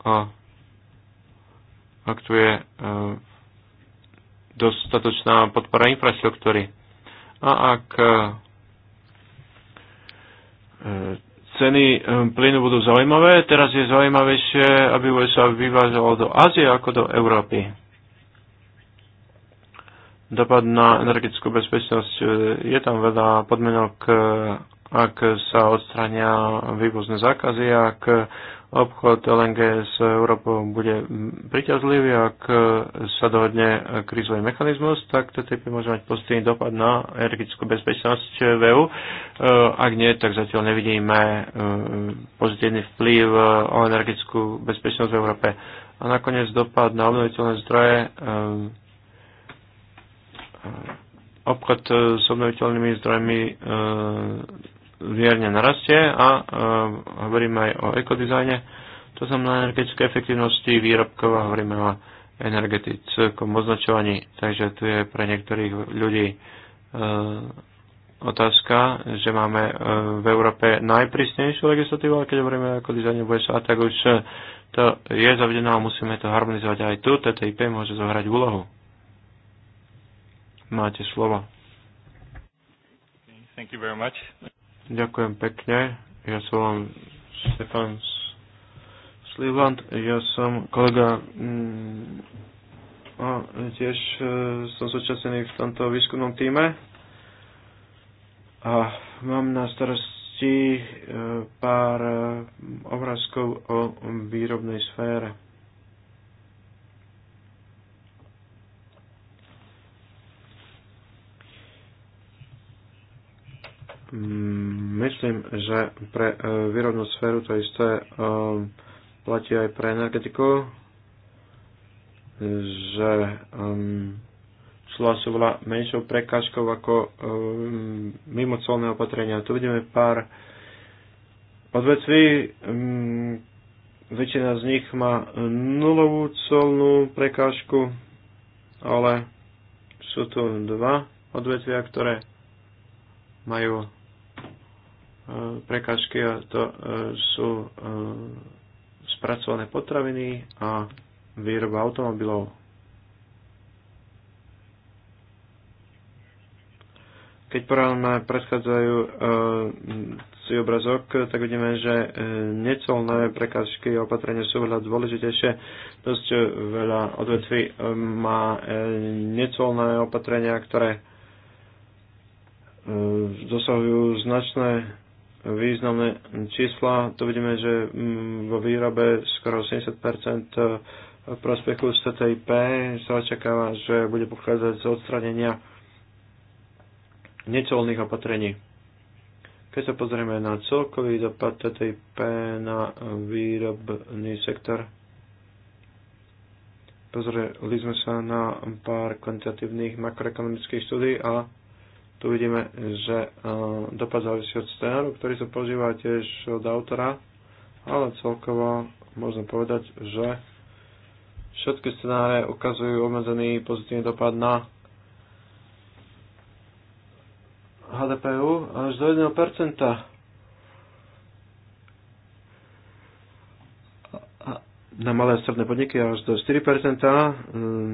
A: a ak tu je e, dostatočná podpora infraštruktúry a ak e, e ceny e, plynu budú zaujímavé. Teraz je zaujímavejšie, aby USA vyvážalo do Ázie ako do Európy. Dopad na energetickú bezpečnosť. E, je tam veľa podmienok ak sa odstrania vývozné zákazy, ak obchod LNG s Európou bude priťazlivý, ak sa dohodne krízový mechanizmus, tak TTIP môže mať pozitívny dopad na energetickú bezpečnosť v EU. Ak nie, tak zatiaľ nevidíme e, pozitívny vplyv o energetickú bezpečnosť v Európe. A nakoniec dopad na obnoviteľné zdroje e, e, obchod s obnoviteľnými zdrojmi vierne narastie a e, hovoríme aj o ekodizajne, to znamená energetické efektivnosti výrobkov a hovoríme o energetickom označovaní. Takže tu je pre niektorých ľudí e, otázka, že máme e, v Európe najprísnejšiu legislatívu, ale keď hovoríme ekodizajne dizajne USA, tak už to je zavedené a musíme to harmonizovať aj tu. TTIP môže zohrať úlohu. Máte slovo. Thank you very much. Ďakujem pekne. Ja som Stefan Slivland, ja som kolega mm, a tiež e, som súčasnený v tomto výskumnom týme a mám na starosti e, pár e, obrázkov o výrobnej sfére. Mm, myslím, že pre e, výrobnú sféru to isté e, platí aj pre energetiku, že clá sú veľa menšou prekážkou ako mimo colné opatrenia. Tu vidíme pár odvetví, väčšina z nich má nulovú colnú prekážku, ale sú tu dva odvetvia, ktoré majú E, prekážky a to e, sú e, spracované potraviny a výroba automobilov. Keď porovnáme predchádzajú si obrazok, tak vidíme, že necolné prekážky a opatrenia sú veľa dôležitejšie. Dosť veľa odvetví má necolné opatrenia, ktoré dosahujú značné významné čísla. to vidíme, že mm, vo výrobe skoro 80 e, prospechu z TTIP sa očakáva, že bude pochádzať z odstranenia necolných opatrení. Keď sa pozrieme na celkový dopad TTIP na výrobný sektor, pozreli sme sa na pár kvantitatívnych makroekonomických štúdí a tu vidíme, že e, dopad závisí od scenáru, ktorý sa požíva tiež od autora, ale celkovo môžem povedať, že všetky scenáre ukazujú obmedzený pozitívny dopad na HDPU až do 1%. na malé a stredné podniky až do 4% e,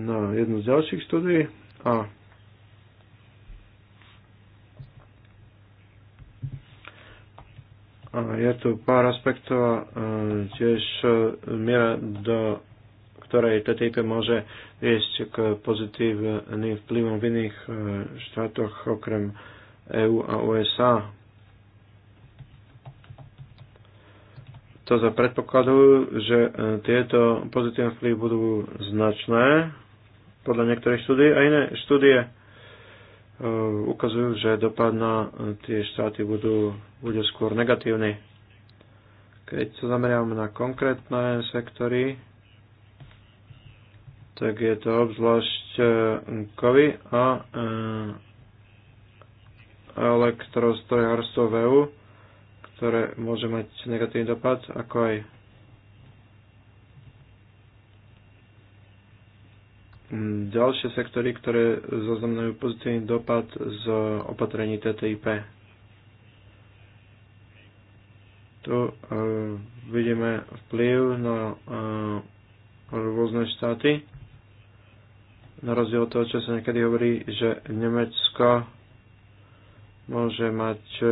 A: na jednu z ďalších štúdií a Je tu pár aspektov a e, tiež e, miera, do ktorej TTIP môže viesť k pozitívnym vplyvom v iných e, štátoch okrem EÚ a USA. To za predpokladu, že tieto pozitívne vplyvy budú značné podľa niektorých štúdií a iné štúdie Eh, ukazujú, že dopad na eh, tie štáty budú, bude skôr negatívny. Keď sa zameriam na konkrétne sektory, tak je to obzvlášť eh, kovy a elektrostrojárstvo VU, e ktoré môže mať negatívny dopad, ako aj Mm, ďalšie sektory, ktoré zaznamenajú pozitívny dopad z opatrení TTIP. Tu uh, e, vidíme vplyv na uh, rôzne štáty. Na rozdiel od toho, čo sa niekedy hovorí, že Nemecko môže mať e,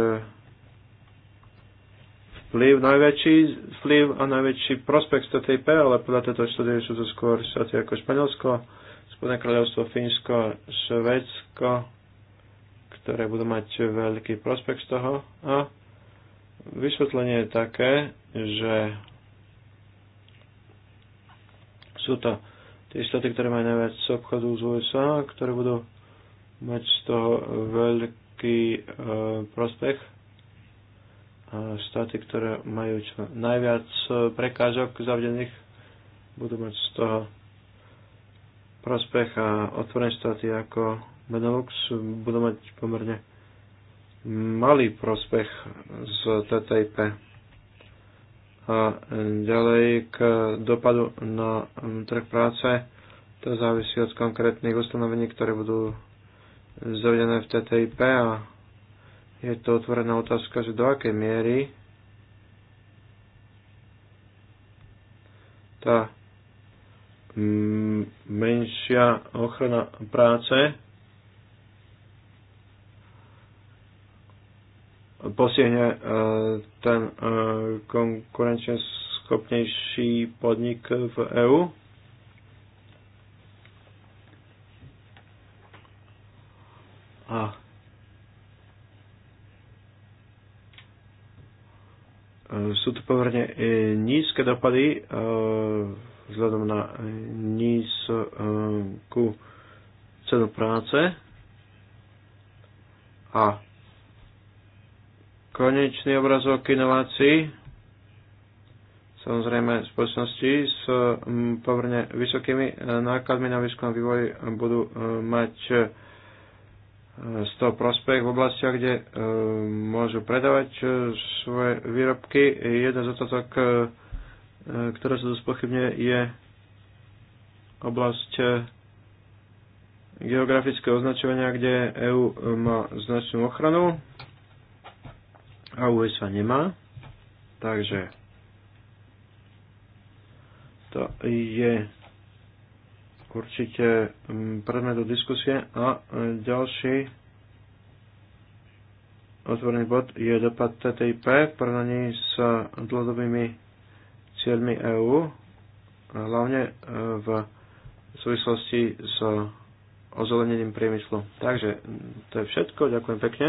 A: vplyv, najväčší vplyv a najväčší prospekt z TTIP, ale podľa tejto štúdie sú to skôr štáty ako Španielsko, Spodné kráľovstvo Fínsko Švedsko, ktoré budú mať veľký prospekt z toho. A vysvetlenie je také, že sú to tie štáty, ktoré majú najviac obchodu z USA, ktoré budú mať z toho veľký e, prospech. A štáty, ktoré majú čo najviac e, prekážok zavdených, budú mať z toho prospech a otvorené štáty ako Benelux budú mať pomerne malý prospech z TTIP. A ďalej k dopadu na trh práce. To závisí od konkrétnych ustanovení, ktoré budú zavedené v TTIP a je to otvorená otázka, že do akej miery tá menšia ochrana práce posiehne e, ten e, konkurenčne schopnejší podnik v EÚ. A sú tu pomerne e, nízke dopady vzhľadom na eh, nízku eh, cenu práce a konečný obrazok inovácií samozrejme spoločnosti s mm, pomerne vysokými eh, nákladmi na výskum vývoj budú mať z toho prospech v oblastiach, kde môžu predávať svoje výrobky. Jeden z otázok E, ktorá sa spochybňuje, je oblasť e, geografického označovania, kde EU e, má značnú ochranu a USA nemá. Takže to je určite predmet do diskusie a ďalší otvorený bod je dopad TTIP v porovnaní s dlhodobými cieľmi EÚ, hlavne e, v súvislosti s ozelenením priemyslu. Takže to je všetko, ďakujem pekne.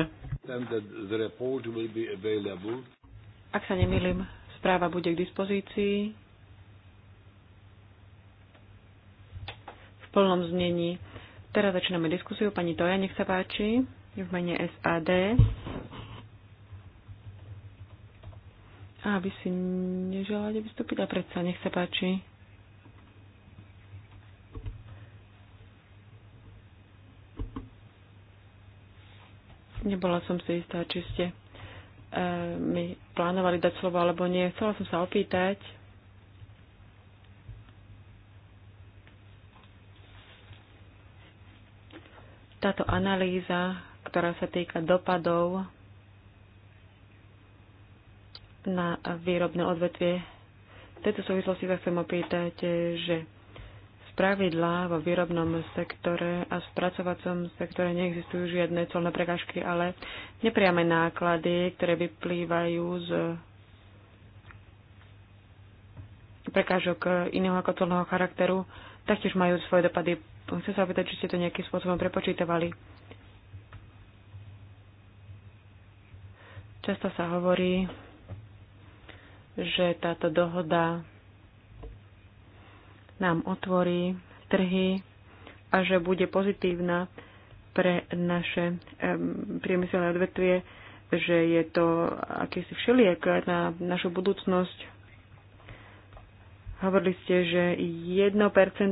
C: Ak sa nemýlim, správa bude k
B: dispozícii
C: v plnom znení. Teraz začíname diskusiu. Pani Toja, nech sa páči, v mene SAD. A aby si neželáte vystúpiť? A predsa, nech sa páči. Nebola som si istá, či ste e, mi plánovali dať slovo alebo nie. Chcela som sa opýtať. Táto analýza, ktorá sa týka dopadov na výrobné odvetvie. V tejto súvislosti sa chcem opýtať, že spravidla vo výrobnom sektore a v spracovacom sektore neexistujú žiadne colné prekážky, ale nepriame náklady, ktoré vyplývajú z prekážok iného ako colného charakteru, taktiež majú svoje dopady. Chcem sa opýtať, či ste to nejakým spôsobom prepočítavali. Často sa hovorí, že táto dohoda nám otvorí trhy a že bude pozitívna pre naše priemyselné odvetvie, že je to akýsi všeliek na našu budúcnosť. Hovorili ste, že 1%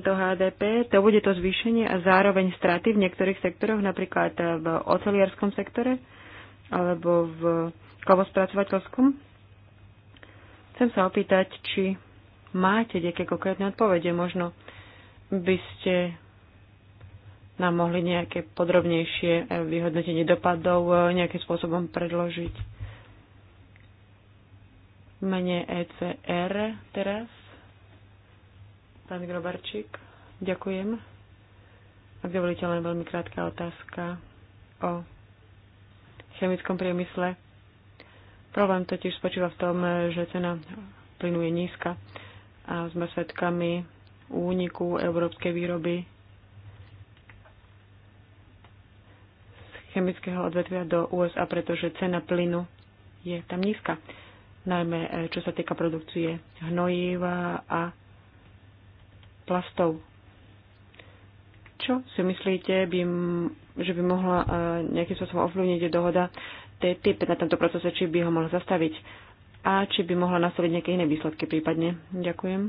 C: HDP, to bude to zvýšenie a zároveň straty v niektorých sektoroch, napríklad v oceliarskom sektore alebo v kovospracovateľskom. Chcem sa opýtať, či máte nejaké konkrétne odpovede. Možno by ste nám mohli nejaké podrobnejšie eh, vyhodnotenie dopadov eh, nejakým spôsobom predložiť. Mene ECR teraz. Pán Grobarčík, ďakujem. Ak dovolíte, len veľmi krátka otázka o chemickom priemysle. Problém totiž spočíva v tom, že cena plynu je nízka a sme svedkami úniku európskej výroby chemického odvetvia do USA, pretože cena plynu je tam nízka. Najmä e, čo sa týka produkcie hnojíva a plastov. Čo si myslíte, by, že by mohla e, nejakým spôsobom ovplyvniť dohoda TTIP na tento proces, či by ho mohla zastaviť a či by mohla nastaviť nejaké iné výsledky prípadne. Ďakujem.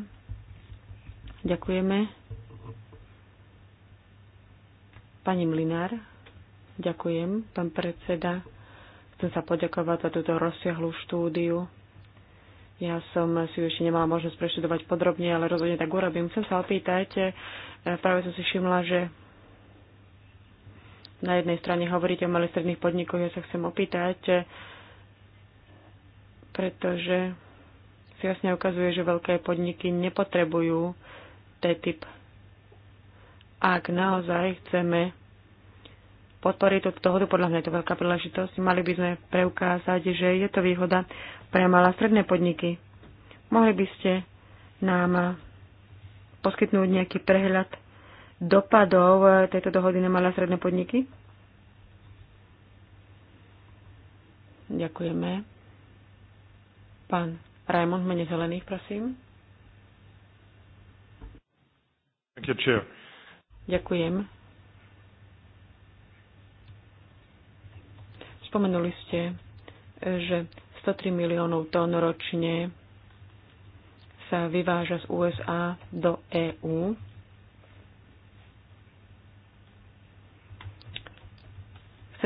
C: Ďakujeme. Pani Mlinár, ďakujem, pán predseda. Chcem sa poďakovať za túto rozsiahlú štúdiu. Ja som si ešte nemala možnosť preštudovať podrobne, ale rozhodne tak urobím. Chcem sa opýtať, eh, práve som si všimla, že na jednej strane hovoríte o malých stredných podnikoch, ja sa chcem opýtať, pretože si jasne ukazuje, že veľké podniky nepotrebujú typ. Ak naozaj chceme podporiť túto dohodu, podľa mňa je to veľká príležitosť, mali by sme preukázať, že je to výhoda pre malé stredné podniky. Mohli by ste nám poskytnúť nejaký prehľad dopadov e, tejto dohody na malé a stredné podniky? Ďakujeme. Pán Raymond, mene zelených, prosím. Ďakujem. Spomenuli ste, e, že 103 miliónov tón ročne sa vyváža z USA do EÚ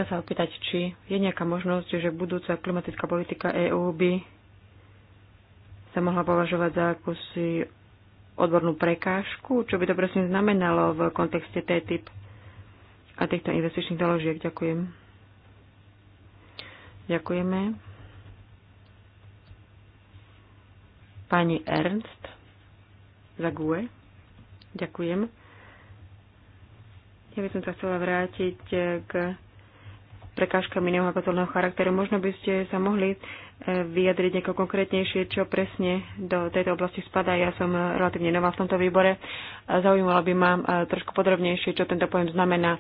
C: Chcem sa opýtať, či je nejaká možnosť, že budúca klimatická politika EÚ by sa mohla považovať za akúsi odbornú prekážku, čo by to presne znamenalo v kontexte TTIP a týchto investičných doložiek. Ďakujem. Ďakujeme. Pani Ernst za GUE. Ďakujem. Ja by som sa chcela vrátiť k prekážkami neohakateľného charakteru. Možno by ste sa mohli e, vyjadriť nejako konkrétnejšie, čo presne do tejto oblasti spadá. Ja som relatívne nová v tomto výbore. Zaujímalo by ma e, trošku podrobnejšie, čo tento pojem znamená.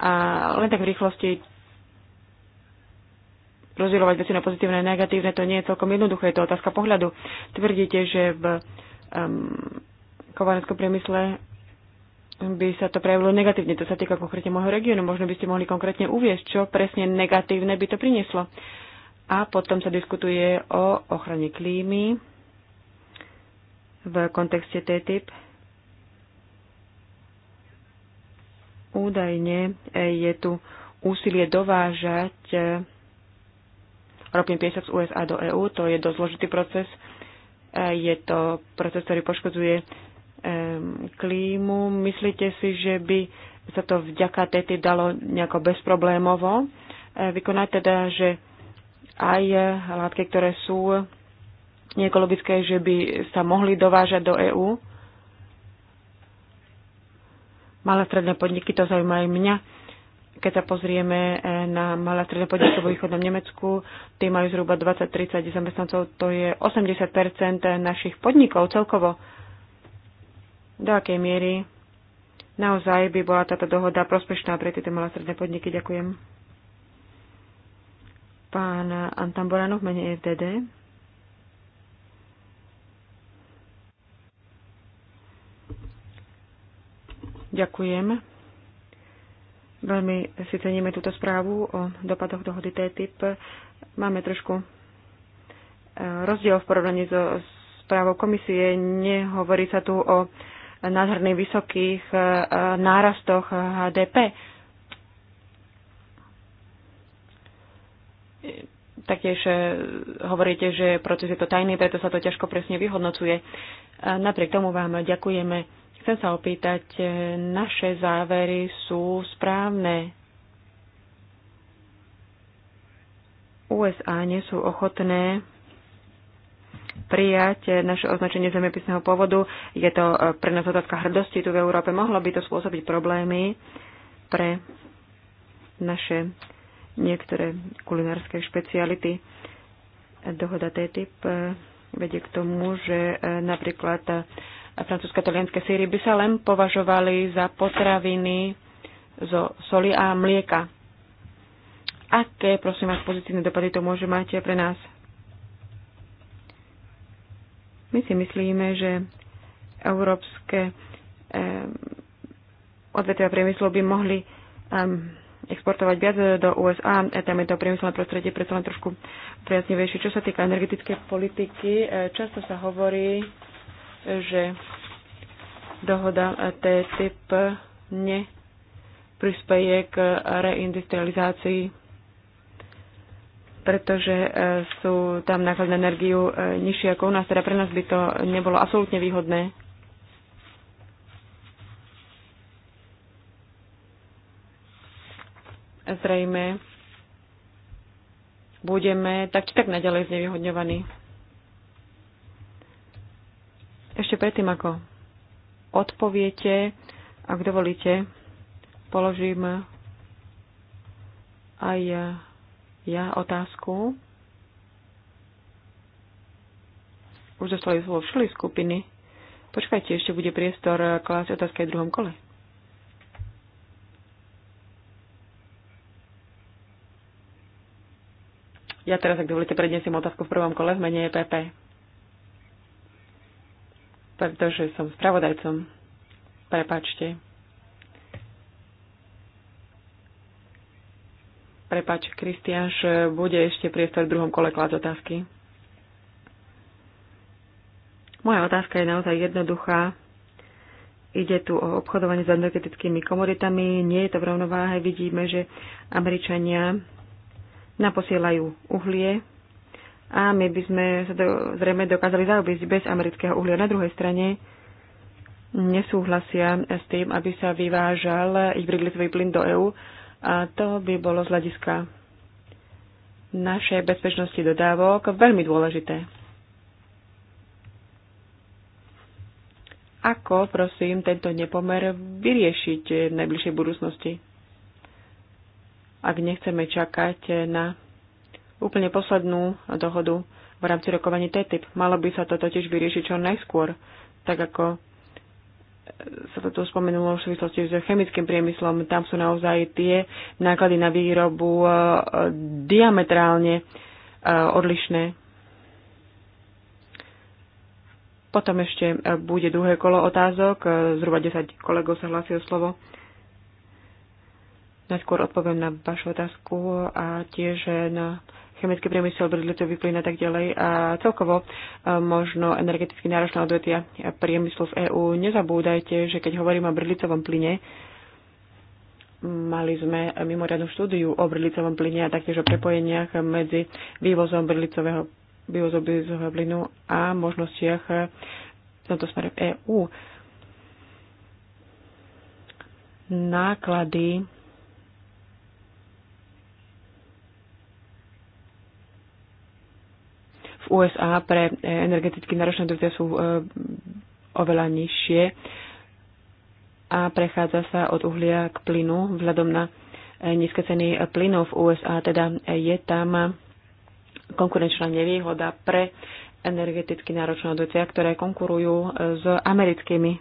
C: A len tak v rýchlosti rozdielovať veci na pozitívne a negatívne, to nie je celkom jednoduché, je to otázka pohľadu. Tvrdíte, že v um, priemysle by sa to prejavilo negatívne. To sa týka konkrétne môjho regiónu. Možno by ste mohli konkrétne uvieť, čo presne negatívne by to prinieslo. A potom sa diskutuje o ochrane klímy v kontexte TTIP. Údajne e, je tu úsilie dovážať e, ropný piesok z USA do EÚ. To je dosť zložitý proces. E, je to proces, ktorý poškodzuje klímu. Myslíte si, že by sa to vďaka TTIP dalo nejako bezproblémovo eh, vykonať, teda, že aj eh, látky, ktoré sú neekologické, že by sa mohli dovážať do EÚ? Malé stredné podniky, to zaujíma aj mňa. Keď sa pozrieme eh, na malé stredné podniky vo východnom Nemecku, tí majú zhruba 20-30 zamestnancov, to je 80 našich podnikov celkovo do akej miery naozaj by bola táto dohoda prospešná pre tieto malé stredné podniky. Ďakujem. Pán Antan Boranov, mene FDD. Ďakujem. Veľmi si ceníme túto správu o dopadoch dohody TTIP. Máme trošku e, rozdiel v porovnaní so správou komisie. Nehovorí sa tu o nádherných vysokých e, e, nárastoch HDP. Taktiež e, hovoríte, že proces je to tajný, preto sa to ťažko presne vyhodnocuje. Napriek tomu vám ďakujeme. Chcem sa opýtať, naše závery sú správne. USA nie sú ochotné prijať naše označenie zemepisného pôvodu. Je to e, pre nás otázka hrdosti tu v Európe. Mohlo by to spôsobiť problémy pre naše niektoré kulinárske špeciality. Dohoda TTIP e, vedie k tomu, že e, napríklad francúzsko-talianské síry by sa len považovali za potraviny zo soli a mlieka. Aké, prosím vás, pozitívne dopady to môže mať pre nás? My si myslíme, že európske odvetvia priemyslu by mohli exportovať viac do USA. E, tam je to priemyselné prostredie predsa len trošku priaznivejšie. Čo sa týka energetickej politiky, e, často sa hovorí, že dohoda e, TTIP ne prispeje k reindustrializácii pretože e, sú tam náklady na energiu e, nižšie ako u nás, teda pre nás by to nebolo absolútne výhodné. Zrejme budeme tak či tak naďalej znevýhodňovaní. Ešte predtým, ako odpoviete, ak dovolíte, položím aj ja ja otázku. Už zostali slovo všeli skupiny. Počkajte, ešte bude priestor klásť otázky aj v druhom kole. Ja teraz, ak dovolíte, prednesiem otázku v prvom kole v mene EPP. Pretože som spravodajcom. Prepačte. Prepač, Kristian že bude ešte priestor v druhom kole klásť otázky. Moja otázka je naozaj jednoduchá. Ide tu o obchodovanie s energetickými komoditami, nie je to v rovnováhe. Vidíme, že Američania naposielajú uhlie a my by sme sa do, zrejme dokázali zaobísť bez amerického uhlia. Na druhej strane nesúhlasia s tým, aby sa vyvážal ich bridlicový plyn do EÚ a to by bolo z hľadiska našej bezpečnosti dodávok veľmi dôležité. Ako, prosím, tento nepomer vyriešiť v najbližšej budúcnosti? Ak nechceme čakať na úplne poslednú dohodu v rámci rokovaní TTIP, malo by sa to totiž vyriešiť čo najskôr, tak ako sa to tu spomenulo v súvislosti s chemickým priemyslom, tam sú naozaj tie náklady na výrobu e, e, diametrálne e, odlišné. Potom ešte bude druhé kolo otázok. Zhruba 10 kolegov sa hlási o slovo. Najskôr odpoviem na vašu otázku a tiež na chemický priemysel, brzlitový plyn a tak ďalej. A celkovo e, možno energeticky náročné odvetia priemyslu v EÚ. Nezabúdajte, že keď hovorím o brzlicovom plyne, mali sme mimoriadnú štúdiu o brzlicovom plyne a taktiež o prepojeniach medzi vývozom brzlicového vývozom brdlicového plynu a možnostiach v tomto smere v EÚ. Náklady USA pre eh, energeticky náročné odvetvia sú eh, oveľa nižšie a prechádza sa od uhlia k plynu vzhľadom na eh, nízke ceny plynov v USA, teda je tam konkurenčná nevýhoda pre energeticky náročné odvetvia, ktoré konkurujú s americkými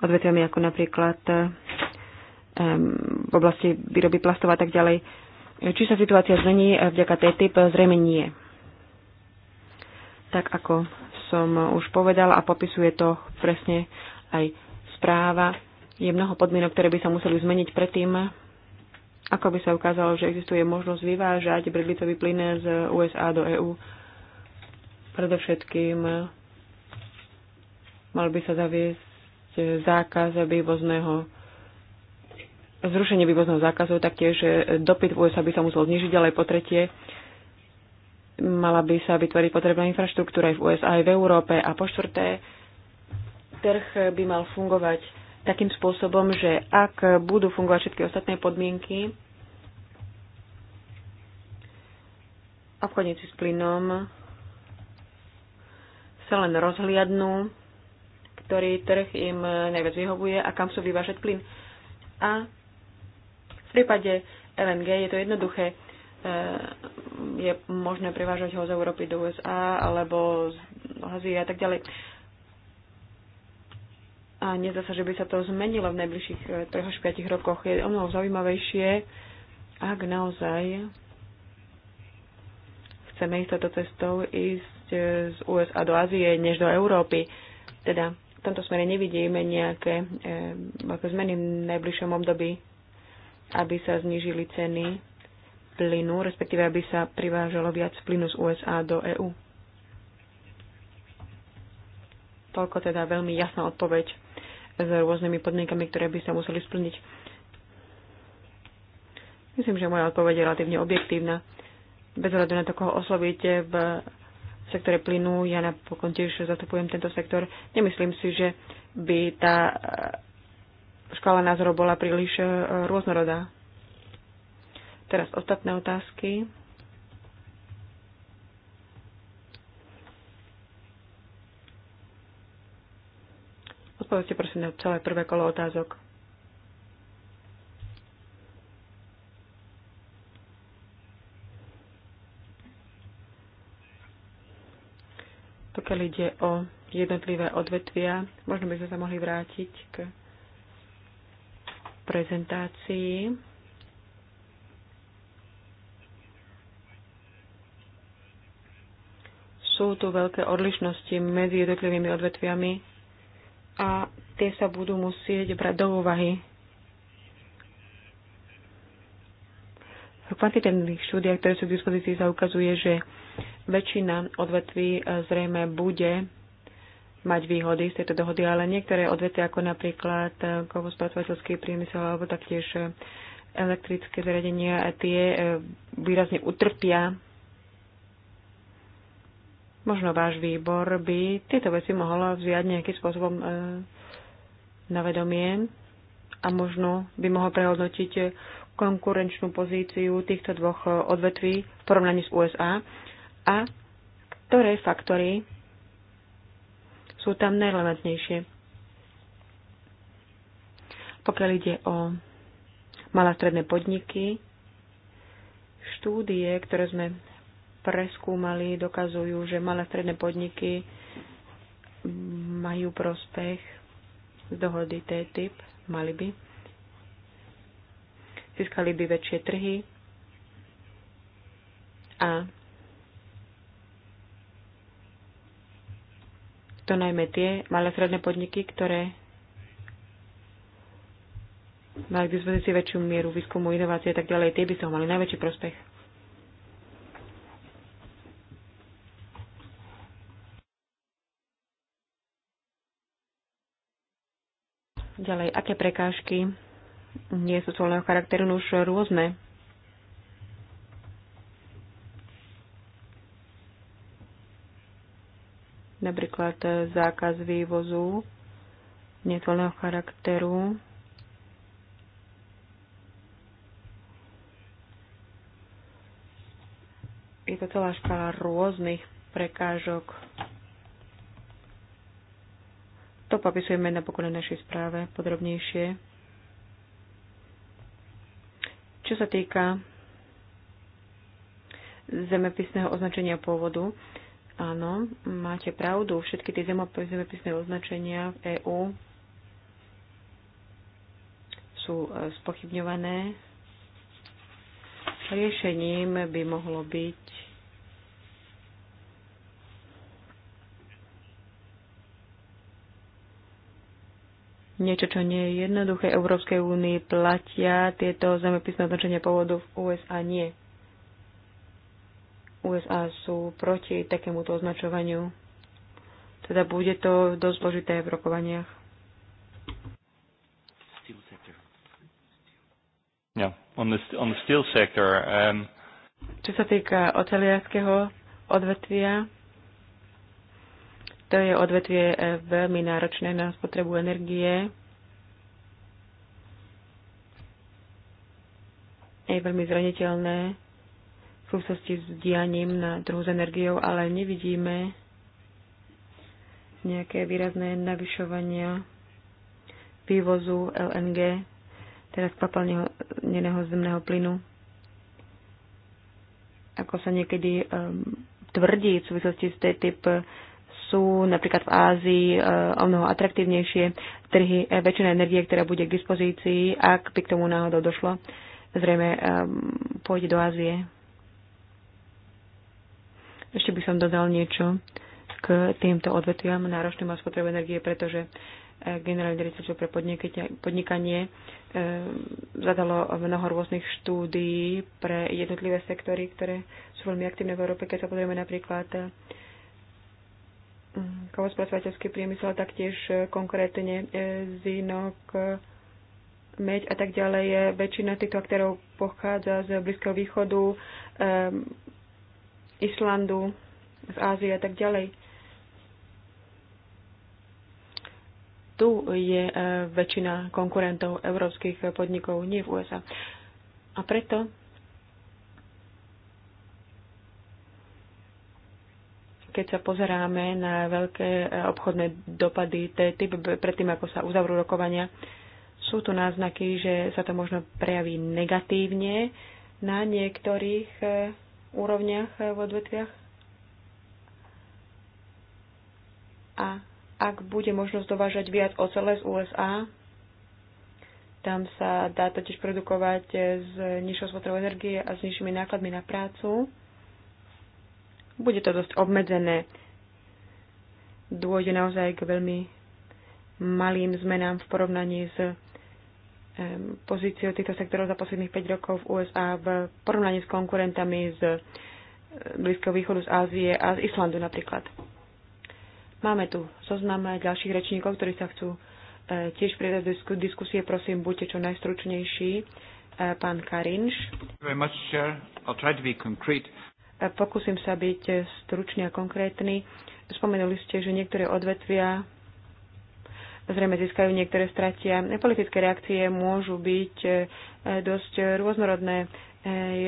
C: odvetviami, ako napríklad v oblasti výroby plastov a tak ďalej. Či sa situácia zmení vďaka TTIP? Zrejme nie tak ako som už povedala a popisuje to presne aj správa. Je mnoho podmienok, ktoré by sa museli zmeniť predtým, ako by sa ukázalo, že existuje možnosť vyvážať bridlicový plyn z USA do EÚ. Predovšetkým mal by sa zaviesť zákaz vývozného zrušenie vývozného zákazu, taktiež dopyt v USA by sa musel znižiť, ale po tretie mala by sa vytvoriť potrebná infraštruktúra aj v USA, aj v Európe. A po štvrté, trh by mal fungovať takým spôsobom, že ak budú fungovať všetky ostatné podmienky, obchodníci s plynom sa len rozhliadnú, ktorý trh im najviac vyhovuje a kam sú vyvážať plyn. A v prípade LNG je to jednoduché Eh, je možné prevážať ho z Európy do USA alebo z Ázie a tak ďalej. A nezdá sa, že by sa to zmenilo v najbližších 3 eh, až 5 rokoch. Je o mnoho zaujímavejšie, ak naozaj chceme ísť toto cestou, ísť eh, z USA do Ázie, než do Európy. Teda v tomto smere nevidíme nejaké e, zmeny v najbližšom období, aby sa znížili ceny plynu, respektíve aby sa privážalo viac plynu z USA do EÚ. Toľko teda veľmi jasná odpoveď s rôznymi podmienkami, ktoré by sa museli splniť. Myslím, že moja odpoveď je relatívne objektívna. Bez hľadu na to, koho oslovíte v sektore plynu, ja napokon tiež zastupujem tento sektor, nemyslím si, že by tá škála názorov bola príliš eh, rôznorodá. Teraz ostatné otázky. Odpovedzte prosím na celé prvé kolo otázok. Pokiaľ ide o jednotlivé odvetvia, možno by sme sa mohli vrátiť k prezentácii sú tu veľké odlišnosti medzi jednotlivými odvetviami a tie sa budú musieť brať do úvahy. V kvantitívnych štúdiách, ktoré sú k dispozícii, sa ukazuje, že väčšina odvetví eh, zrejme bude mať výhody z tejto dohody, ale niektoré odvetvia, ako napríklad eh, kovospracovateľský priemysel alebo taktiež eh, elektrické zariadenia, tie výrazne utrpia Možno váš výbor by tieto veci mohol vziať nejakým spôsobom e, na vedomie a možno by mohol prehodnotiť konkurenčnú pozíciu týchto dvoch e, odvetví v porovnaní s USA a ktoré faktory sú tam najrelevantnejšie. Pokiaľ ide o malé stredné podniky, štúdie, ktoré sme preskúmali, dokazujú, že malé stredné podniky majú prospech z dohody TTIP, mali by. Získali by väčšie trhy a to najmä tie malé stredné podniky, ktoré mali k dispozícii väčšiu mieru výskumu, inovácie a tak ďalej, tie by sa toho mali najväčší prospech. Ďalej, aké prekážky nie sú colného charakteru, no už rôzne. Napríklad zákaz vývozu necolného charakteru, je to celá škála rôznych prekážok. To popisujeme napokon na našej správe podrobnejšie. Čo sa týka zemepisného označenia pôvodu, áno, máte pravdu, všetky tie zemepisné označenia v EÚ sú e, spochybňované. Riešením by mohlo byť niečo, čo nie je jednoduché. Európskej únii platia tieto zemepisné označenia pôvodu v USA nie. USA sú proti takémuto označovaniu. Teda bude to dosť zložité v rokovaniach.
A: Yeah, no, on the, on the steel sector, um...
C: Čo sa týka oceliarského odvetvia, to je odvetvie e, veľmi náročné na spotrebu energie. Je veľmi zraniteľné v súvislosti s dianím na trhu s energiou, ale nevidíme nejaké výrazné navyšovania vývozu LNG, teraz kvapalneného zemného plynu. Ako sa niekedy um, tvrdí v súvislosti s tej typ sú napríklad v Ázii e, o mnoho atraktívnejšie trhy, e, väčšina energie, ktorá bude k dispozícii, ak by k tomu náhodou došlo, zrejme e, pôjde do Ázie. Ešte by som dodal niečo k týmto odvetviam náročným a spotrebu energie, pretože generálne direktorstvo pre podnikanie zadalo mnoho rôznych štúdií pre jednotlivé sektory, ktoré sú veľmi aktívne v Európe, keď sa pozrieme napríklad kovospracovateľský priemysel, taktiež e, konkrétne e, zinok, e, meď a tak ďalej. Väčšina týchto aktérov pochádza z Blízkeho východu, Islandu, z Ázie a tak ďalej. Tu je väčšina konkurentov európskych podnikov, nie v USA. A preto keď sa pozeráme na veľké e, obchodné dopady TTIP predtým, ako sa uzavrú rokovania, sú tu náznaky, že sa to možno prejaví negatívne na niektorých e, úrovniach e, v odvetviach. A ak bude možnosť dovážať viac ocele z USA, tam sa dá totiž produkovať s nižšou spotrebou energie a s nižšími nákladmi na prácu bude to dosť obmedzené. Dôjde naozaj k veľmi malým zmenám v porovnaní s pozíciou týchto sektorov za posledných 5 rokov v USA v porovnaní s konkurentami z Blízkeho východu, z Ázie a z Islandu napríklad. Máme tu zoznam ďalších rečníkov, ktorí sa chcú e, tiež pridať do diskusie. Prosím, buďte čo najstručnejší. E, pán Karinš. Pokúsim sa byť stručný a konkrétny. Spomenuli ste, že niektoré odvetvia zrejme získajú, niektoré stratia. Politické reakcie môžu byť e, dosť rôznorodné. E,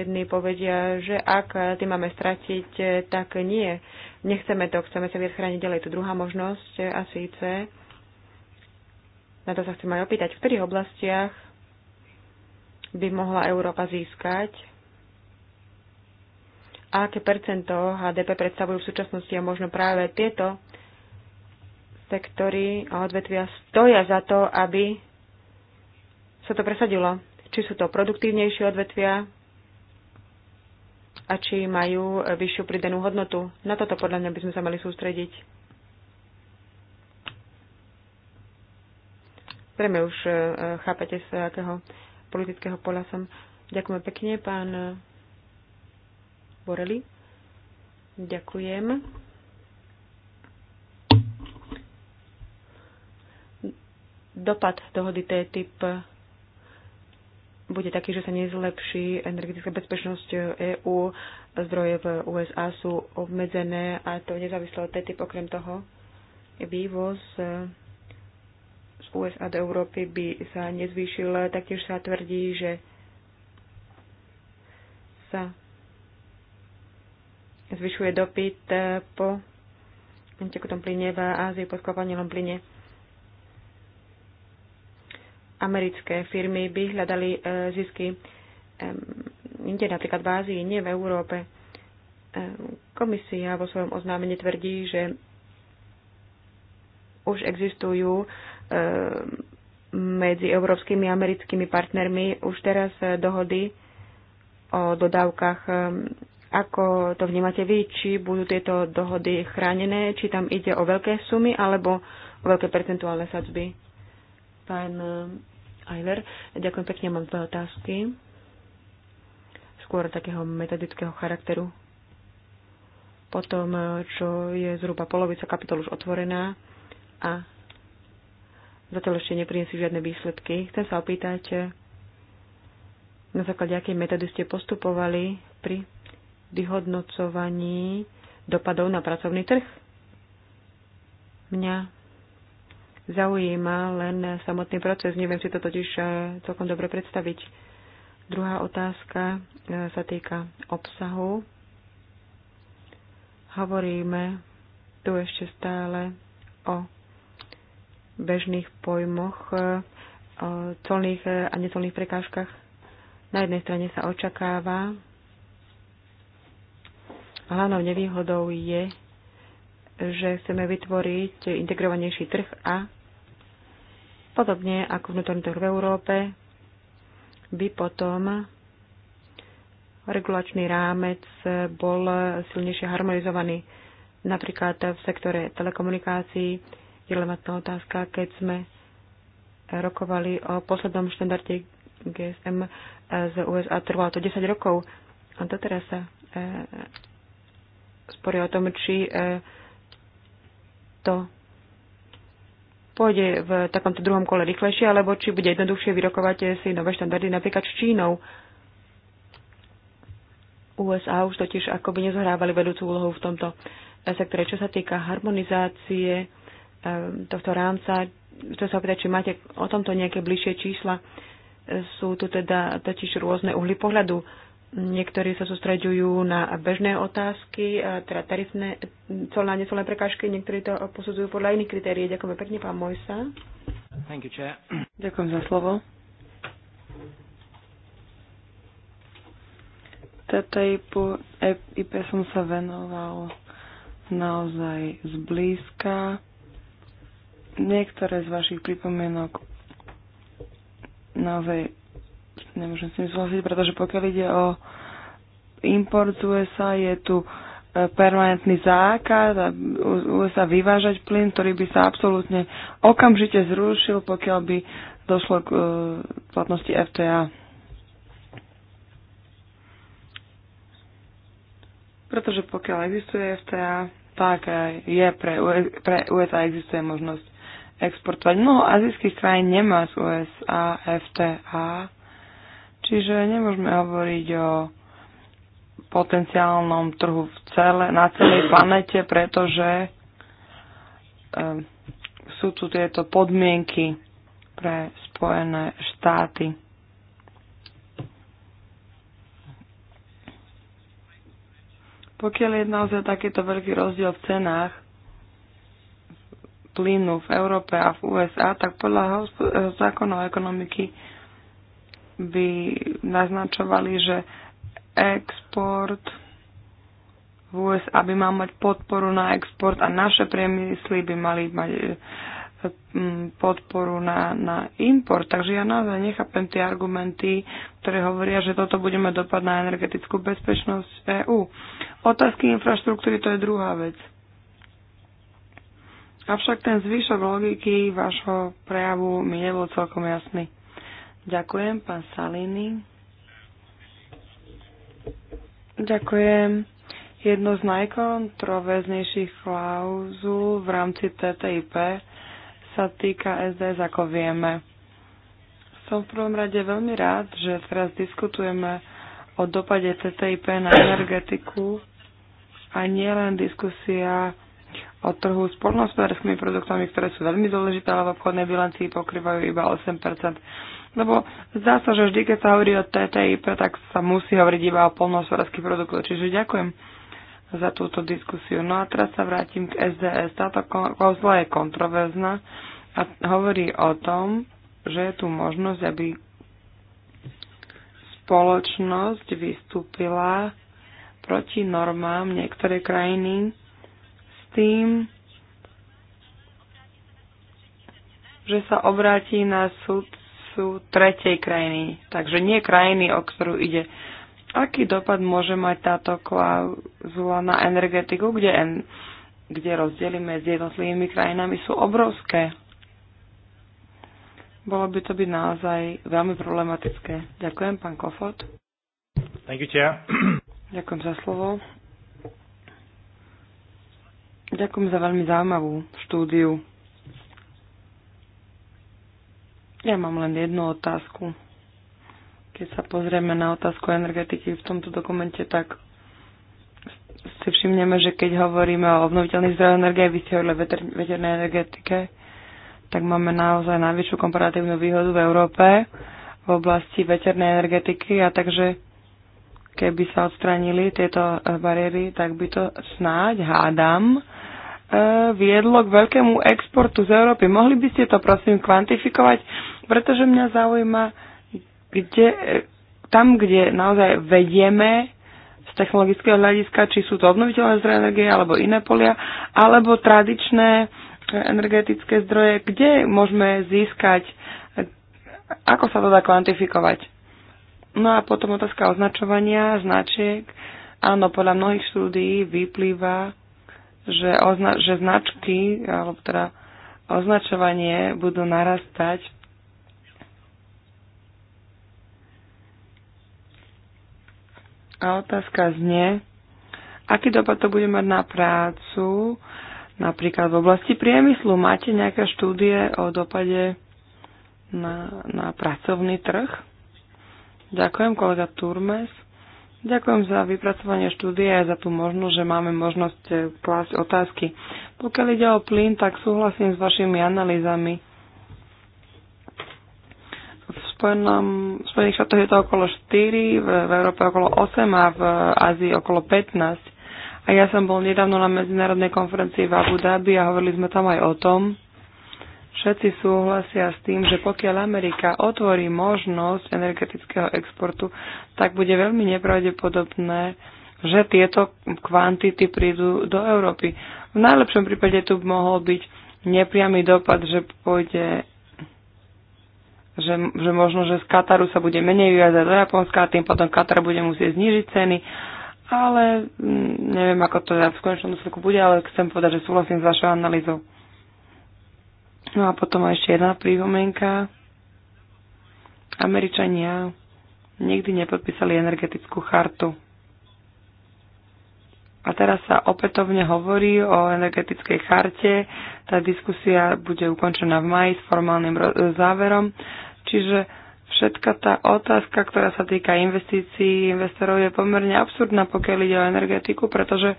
C: jedni povedia, že ak ty máme stratiť, e, tak nie. Nechceme to, chceme sa viac chrániť ďalej. Tu druhá možnosť a síce, na to sa chcem aj opýtať, v ktorých oblastiach by mohla Európa získať aké percento HDP predstavujú v súčasnosti a možno práve tieto sektory a odvetvia stoja za to, aby sa to presadilo. Či sú to produktívnejšie odvetvia a či majú vyššiu pridanú hodnotu. Na toto podľa mňa by sme sa mali sústrediť. Zrejme už e, chápete, z akého politického pola som. Ďakujem pekne, pán uzatvorili. Ďakujem. Dopad dohody TTIP bude taký, že sa nezlepší energetická bezpečnosť EÚ, zdroje v USA sú obmedzené a to nezávislo od TTIP okrem toho vývoz z USA do Európy by sa nezvýšil. Taktiež sa tvrdí, že sa zvyšuje dopyt e, po tekutom plyne v Ázii, po skvapalnenom plyne. Americké firmy by hľadali e, zisky e, inde, napríklad v Ázii, nie v Európe. Komisia vo svojom oznámení tvrdí, že už existujú medzi európskymi a americkými partnermi už teraz dohody o dodávkach ako to vnímate vy, či budú tieto dohody chránené, či tam ide o veľké sumy alebo o veľké percentuálne sadzby? Pán eh, Eiler, ďakujem pekne, mám dve otázky. Skôr takého metodického charakteru. Potom, eh, čo je zhruba polovica kapitol už otvorená a zatiaľ ešte neprinesú žiadne výsledky. Chcem sa opýtať, eh, na základe akej metódy ste postupovali pri vyhodnocovaní dopadov na pracovný trh. Mňa zaujíma len samotný proces. Neviem si to totiž eh, celkom dobre predstaviť. Druhá otázka eh, sa týka obsahu. Hovoríme tu ešte stále o bežných pojmoch, eh, o colných a necolných prekážkach. Na jednej strane sa očakáva, hlavnou nevýhodou je, že chceme vytvoriť integrovanejší trh a podobne ako vnútorný trh v Európe by potom regulačný rámec bol silnejšie harmonizovaný. Napríklad v sektore telekomunikácií je relevantná otázka, keď sme rokovali o poslednom štandarde GSM z USA. Trvalo to 10 rokov a to teraz sa e, spory o tom, či e, to pôjde v takomto druhom kole rýchlejšie, alebo či bude jednoduchšie vyrokovať e, si nové štandardy napríklad s Čínou. USA už totiž akoby nezohrávali vedúcu úlohu v tomto e, sektore. Čo sa týka harmonizácie tohto rámca, chcem sa opýtať, či máte o tomto nejaké bližšie čísla. Sú tu teda totiž rôzne uhly pohľadu Niektorí sa sústreďujú na bežné otázky, teda tarifné, colná, necolné prekážky, niektorí to posudzujú podľa iných kritérií. Ďakujem pekne, pán Mojsa. Thank you, chair.
B: Ďakujem za slovo. TTIPu IP som sa venoval naozaj zblízka. Niektoré z vašich pripomienok naozaj Nemôžem s tým súhlasiť, pretože pokiaľ ide o import z USA, je tu e, permanentný zákaz a USA vyvážať plyn, ktorý by sa absolútne okamžite zrušil, pokiaľ by došlo k e, platnosti FTA. Pretože pokiaľ existuje FTA, tak e, je pre, pre USA existuje možnosť exportovať. Mnoho azijských krajín nemá z USA FTA Čiže nemôžeme hovoriť o potenciálnom trhu v celé, na celej planete, pretože e, sú tu tieto podmienky pre Spojené štáty. Pokiaľ je naozaj takýto veľký rozdiel v cenách plynu v Európe a v USA, tak podľa eh, zákonov ekonomiky by naznačovali, že export v USA by mal mať podporu na export a naše priemysly by mali mať e, podporu na, na import. Takže ja naozaj nechápem tie argumenty, ktoré hovoria, že toto budeme dopad na energetickú bezpečnosť EÚ. Otázky infraštruktúry to je druhá vec. Avšak ten zvyšok logiky vášho prejavu mi nebol celkom jasný. Ďakujem, pán Salini. Ďakujem. Jedno z najkontroverznejších klauzul v rámci TTIP sa týka SDS, ako vieme. Som v prvom rade veľmi rád, že teraz diskutujeme o dopade TTIP na energetiku a nielen diskusia o trhu s polnohospodárskymi produktami, ktoré sú veľmi dôležité, ale v obchodnej bilancii pokrývajú iba 8 lebo zdá sa, že vždy, keď sa hovorí o TTIP, tak sa musí hovoriť iba o polnohospodárských produktoch. Čiže ďakujem za túto diskusiu. No a teraz sa vrátim k SDS. Táto kozla je kontroverzná a hovorí o tom, že je tu možnosť, aby spoločnosť vystúpila proti normám niektoré krajiny s tým, že sa obráti na súd sú tretej krajiny, takže nie krajiny, o ktorú ide. Aký dopad môže mať táto klauzula na energetiku, kde, en, kde rozdiely medzi jednotlivými krajinami sú obrovské? Bolo by to byť naozaj veľmi problematické. Ďakujem, pán Kofot. Thank
A: you, chair.
B: Ďakujem za slovo. Ďakujem za veľmi zaujímavú štúdiu. Ja mám len jednu otázku. Keď sa pozrieme na otázku energetiky v tomto dokumente, tak si všimneme, že keď hovoríme o obnoviteľných zdrojoch energie, vy ste hovorili veter, veternej energetike, tak máme naozaj najväčšiu komparatívnu výhodu v Európe v oblasti veternej energetiky a takže keby sa odstranili tieto bariéry, tak by to snáď, hádam, E, viedlo k veľkému exportu z Európy. Mohli by ste to prosím kvantifikovať, pretože mňa zaujíma, kde, e, tam, kde naozaj vedieme z technologického hľadiska, či sú to obnoviteľné zdroje energie alebo iné polia, alebo tradičné energetické zdroje, kde môžeme získať, ako sa to dá kvantifikovať. No a potom otázka označovania značiek. Áno, podľa mnohých štúdií vyplýva, že, ozna- že značky, alebo teda označovanie budú narastať. A otázka znie, aký dopad to bude mať na prácu, napríklad v oblasti priemyslu. Máte nejaké štúdie o dopade na, na pracovný trh? Ďakujem, kolega Turmes. Ďakujem za vypracovanie štúdie a za tú možnosť, že máme možnosť eh, klásť otázky. Pokiaľ ide o plyn, tak súhlasím s vašimi analýzami. V, Spojenom, v Spojených štátoch je to okolo 4, v, v Európe okolo 8 a v eh, Ázii okolo 15. A ja som bol nedávno na medzinárodnej konferencii v Abu Dhabi a hovorili sme tam aj o tom, Všetci súhlasia s tým, že pokiaľ Amerika otvorí možnosť energetického exportu, tak bude veľmi nepravdepodobné, že tieto kvantity prídu do Európy. V najlepšom prípade tu mohol byť nepriamy dopad, že pôjde že, že možno, že z Kataru sa bude menej vyvádzať do Japonska a tým potom Katar bude musieť znížiť ceny. Ale mm, neviem, ako to v konečnom dôsledku bude, ale chcem povedať, že súhlasím s vašou analýzou. No a potom ešte jedna prívomenka. Američania nikdy nepodpísali energetickú chartu. A teraz sa opätovne hovorí o energetickej charte. Tá diskusia bude ukončená v maji s formálnym záverom. Čiže všetka tá otázka, ktorá sa týka investícií investorov, je pomerne absurdná, pokiaľ ide o energetiku, pretože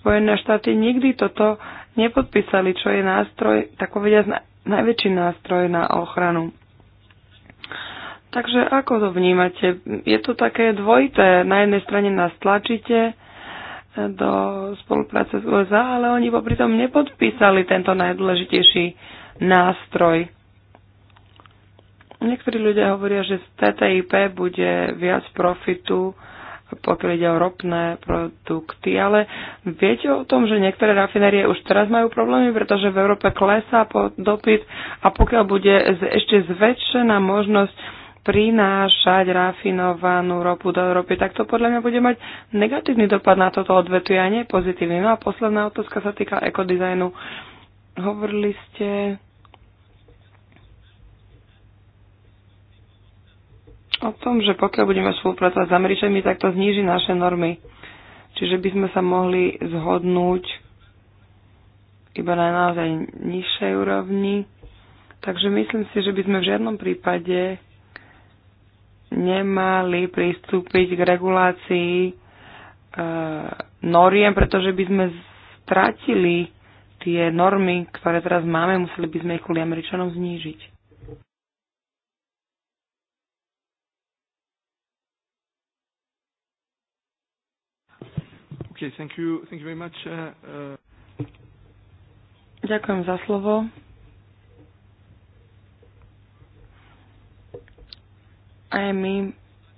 B: Spojené štáty nikdy toto nepodpísali, čo je nástroj, tak povediať, najväčší nástroj na ochranu. Takže ako to vnímate? Je to také dvojité. Na jednej strane nás tlačíte do spolupráce s USA, ale oni popritom nepodpísali tento najdôležitejší nástroj. Niektorí ľudia hovoria, že z TTIP bude viac profitu pokiaľ ide o ropné produkty, ale viete o tom, že niektoré rafinérie už teraz majú problémy, pretože v Európe klesá dopyt a pokiaľ bude ešte zväčšená možnosť prinášať rafinovanú ropu do Európy, tak to podľa mňa bude mať negatívny dopad na toto odvetvie a nie pozitívny. No a posledná otázka sa týka ekodizajnu. Hovorili ste o tom, že pokiaľ budeme spolupracovať s Američanmi, tak to zníži naše normy. Čiže by sme sa mohli zhodnúť iba na naozaj nižšej úrovni. Takže myslím si, že by sme v žiadnom prípade nemali pristúpiť k regulácii e, noriem, pretože by sme stratili tie normy, ktoré teraz máme, museli by sme ich kvôli Američanom znížiť.
A: Okay, thank you, thank you very much. Uh, uh...
B: Ďakujem za slovo. Aj my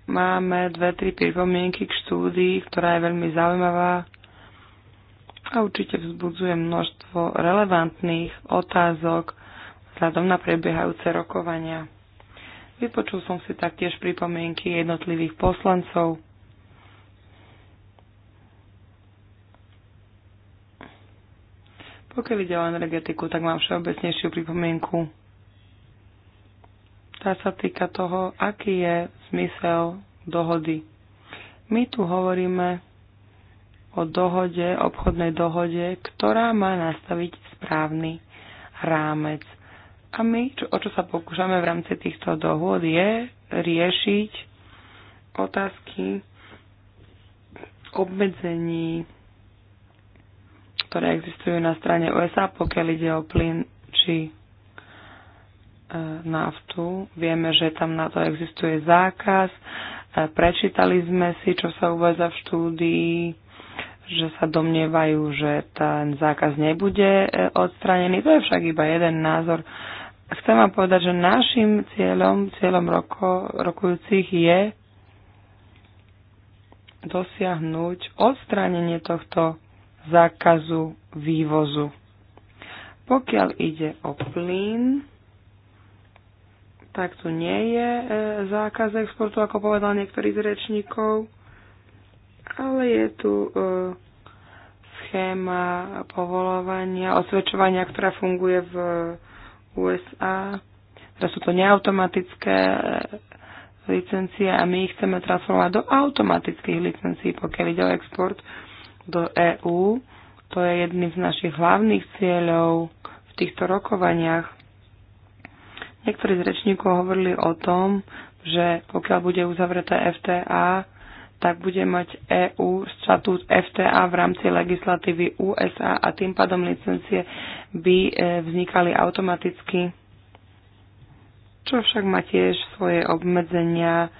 B: máme dve, tri pripomienky k štúdii, ktorá je veľmi zaujímavá a určite vzbudzuje množstvo relevantných otázok vzhľadom na prebiehajúce rokovania. Vypočul som si taktiež pripomienky jednotlivých poslancov. Pokiaľ ide o energetiku, tak mám všeobecnejšiu pripomienku. Tá sa týka toho, aký je zmysel dohody. My tu hovoríme o dohode, obchodnej dohode, ktorá má nastaviť správny rámec. A my, čo, o čo sa pokúšame v rámci týchto dohôd, je riešiť otázky obmedzení ktoré existujú na strane USA, pokiaľ ide o plyn či e, naftu. Vieme, že tam na to existuje zákaz. E, prečítali sme si, čo sa uvádza v štúdii, že sa domnievajú, že ten zákaz nebude e, odstranený. To je však iba jeden názor. Chcem vám povedať, že našim cieľom, cieľom roko, rokujúcich je dosiahnuť odstránenie tohto zákazu vývozu. Pokiaľ ide o plyn, tak tu nie je e, zákaz exportu, ako povedal niektorý z rečníkov, ale je tu e, schéma povolovania, osvedčovania, ktorá funguje v USA. Teraz sú to neautomatické e, licencie a my ich chceme transformovať do automatických licencií, pokiaľ ide o export. E, do EÚ. To je jedným z našich hlavných cieľov v týchto rokovaniach. Niektorí z rečníkov hovorili o tom, že pokiaľ bude uzavretá FTA, tak bude mať EÚ štatút FTA v rámci legislatívy USA a tým pádom licencie by e, vznikali automaticky, čo však má tiež svoje obmedzenia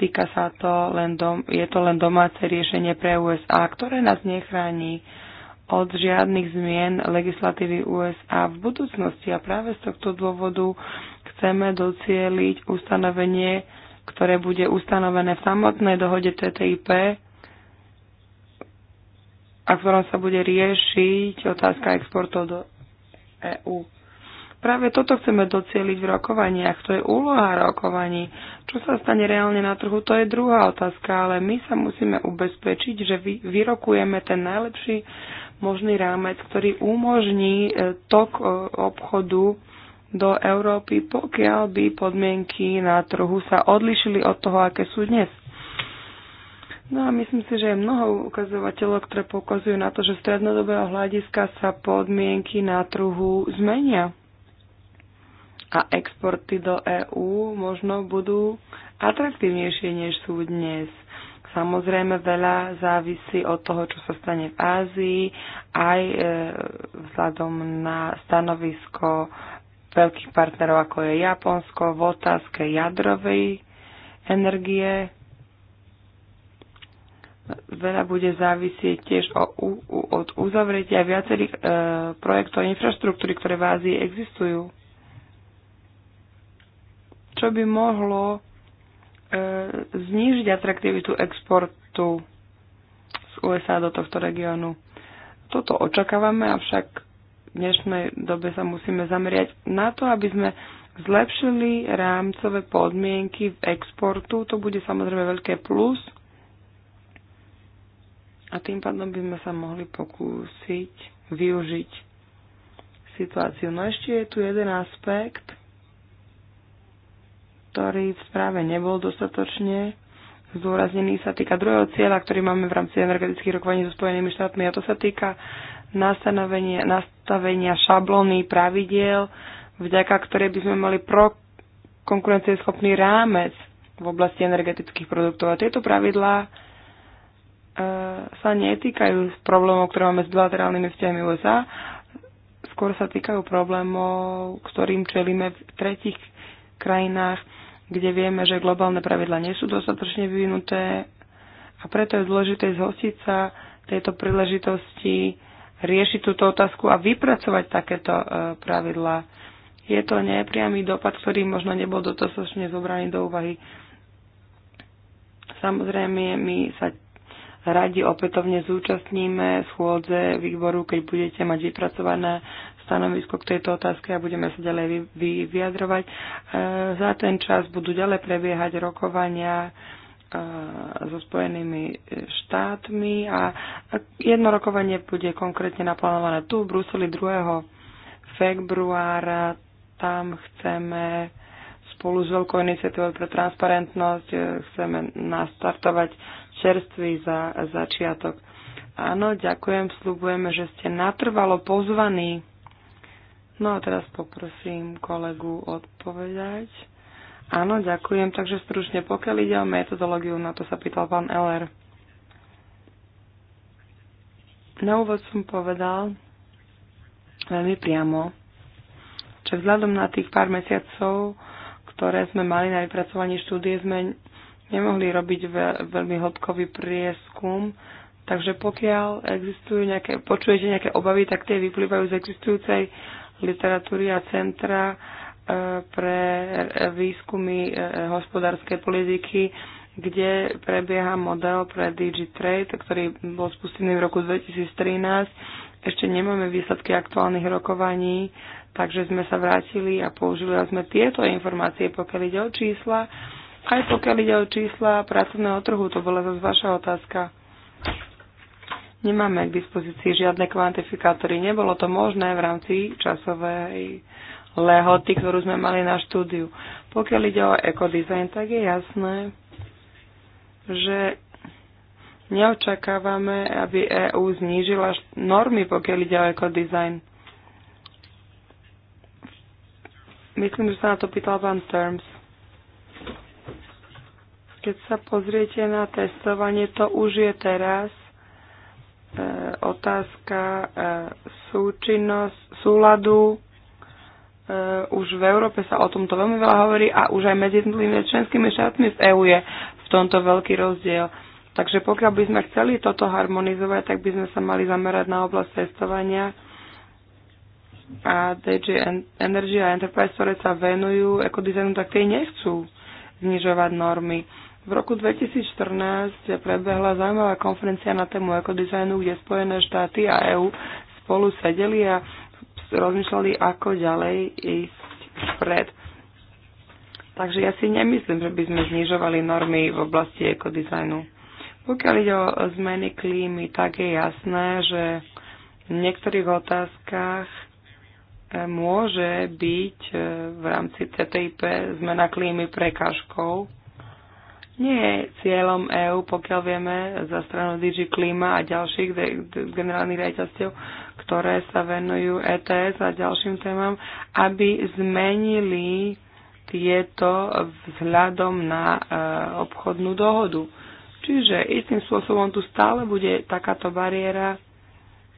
B: týka sa to len dom, je to len domáce riešenie pre USA, ktoré nás nechráni od žiadnych zmien legislatívy USA v budúcnosti a práve z tohto dôvodu chceme docieliť ustanovenie, ktoré bude ustanovené v samotnej dohode TTIP a ktorom sa bude riešiť otázka exportov do EÚ. Práve toto chceme docieliť v rokovaniach, to je úloha rokovaní. Čo sa stane reálne na trhu, to je druhá otázka, ale my sa musíme ubezpečiť, že vy, vyrokujeme ten najlepší možný rámec, ktorý umožní e, tok e, obchodu do Európy, pokiaľ by podmienky na trhu sa odlišili od toho, aké sú dnes. No a myslím si, že je mnoho ukazovateľov, ktoré poukazujú na to, že z strednodobého hľadiska sa podmienky na trhu zmenia a exporty do EÚ možno budú atraktívnejšie, než sú dnes. Samozrejme veľa závisí od toho, čo sa stane v Ázii, aj e, vzhľadom na stanovisko veľkých partnerov, ako je Japonsko, v otázke jadrovej energie. Veľa bude závisieť tiež o, u, od uzavretia viacerých e, projektov infraštruktúry, ktoré v Ázii existujú čo by mohlo e, znížiť atraktivitu exportu z USA do tohto regiónu. Toto očakávame, avšak v dnešnej dobe sa musíme zameriať na to, aby sme zlepšili rámcové podmienky v exportu. To bude samozrejme veľké plus. A tým pádom by sme sa mohli pokúsiť využiť situáciu. No ešte je tu jeden aspekt, ktorý v správe nebol dostatočne zdôraznený, sa týka druhého cieľa, ktorý máme v rámci energetických rokovaní so Spojenými štátmi a to sa týka nastavenia, nastavenia šablóny pravidiel, vďaka ktorej by sme mali pro konkurencieschopný rámec v oblasti energetických produktov. A tieto pravidlá e, sa netýkajú problémov, ktoré máme s bilaterálnymi vzťahmi USA, skôr sa týkajú problémov, ktorým čelíme v tretich krajinách kde vieme, že globálne pravidla nie sú dostatočne vyvinuté a preto je dôležité zhostiť sa tejto príležitosti, riešiť túto otázku a vypracovať takéto e, pravidlá. Je to nepriamy dopad, ktorý možno nebol dostatočne zobraný do úvahy. Samozrejme, my sa radi opätovne zúčastníme schôdze výboru, keď budete mať vypracované stanovisko k tejto otázke a budeme sa ďalej vyjadrovať. E, za ten čas budú ďalej prebiehať rokovania e, so Spojenými štátmi a jedno rokovanie bude konkrétne naplánované tu v Bruseli 2. februára. Tam chceme spolu s veľkou iniciatívou pre transparentnosť e, chceme nastartovať čerstvý za, začiatok. Áno, ďakujem, slúbujeme, že ste natrvalo pozvaní No a teraz poprosím kolegu odpovedať. Áno, ďakujem. Takže stručne, pokiaľ ide o metodológiu, na to sa pýtal pán LR. Na úvod som povedal veľmi priamo, že vzhľadom na tých pár mesiacov, ktoré sme mali na vypracovanie štúdie, sme nemohli robiť veľmi hĺbkový prieskum, takže pokiaľ existujú nejaké, počujete nejaké obavy, tak tie vyplývajú z existujúcej literatúry a centra e, pre výskumy e, hospodárskej politiky, kde prebieha model pre DigiTrade, ktorý bol spustený v roku 2013. Ešte nemáme výsledky aktuálnych rokovaní, takže sme sa vrátili a použili sme tieto informácie, pokiaľ ide o čísla, aj pokiaľ ide o čísla pracovného trhu, to bola zase vaša otázka. Nemáme k dispozícii žiadne kvantifikátory. Nebolo to možné v rámci časovej lehoty, ktorú sme mali na štúdiu. Pokiaľ ide o ekodizajn, tak je jasné, že neočakávame, aby EÚ znížila normy, pokiaľ ide o ekodizajn. Myslím, že sa na to pýtal pán Terms. Keď sa pozriete na testovanie, to už je teraz E, otázka e, súčinnosť, súladu. E, už v Európe sa o tomto veľmi veľa hovorí a už aj medzi jednotlivými členskými štátmi v EÚ je v tomto veľký rozdiel. Takže pokiaľ by sme chceli toto harmonizovať, tak by sme sa mali zamerať na oblasť testovania a DG Energy a Enterprise, ktoré sa venujú ekodizajnu, tak tie nechcú znižovať normy. V roku 2014 prebehla zaujímavá konferencia na tému ekodizajnu, kde Spojené štáty a EÚ spolu sedeli a rozmýšľali, ako ďalej ísť vpred. Takže ja si nemyslím, že by sme znižovali normy v oblasti ekodizajnu. Pokiaľ ide o zmeny klímy, tak je jasné, že v niektorých otázkach e, môže byť e, v rámci TTIP zmena klímy prekážkou nie je cieľom EÚ, pokiaľ vieme, za stranu DG Klima a ďalších generálnych rejťazťov, ktoré sa venujú ETS a ďalším témam, aby zmenili tieto vzhľadom na e, obchodnú dohodu. Čiže istým spôsobom tu stále bude takáto bariéra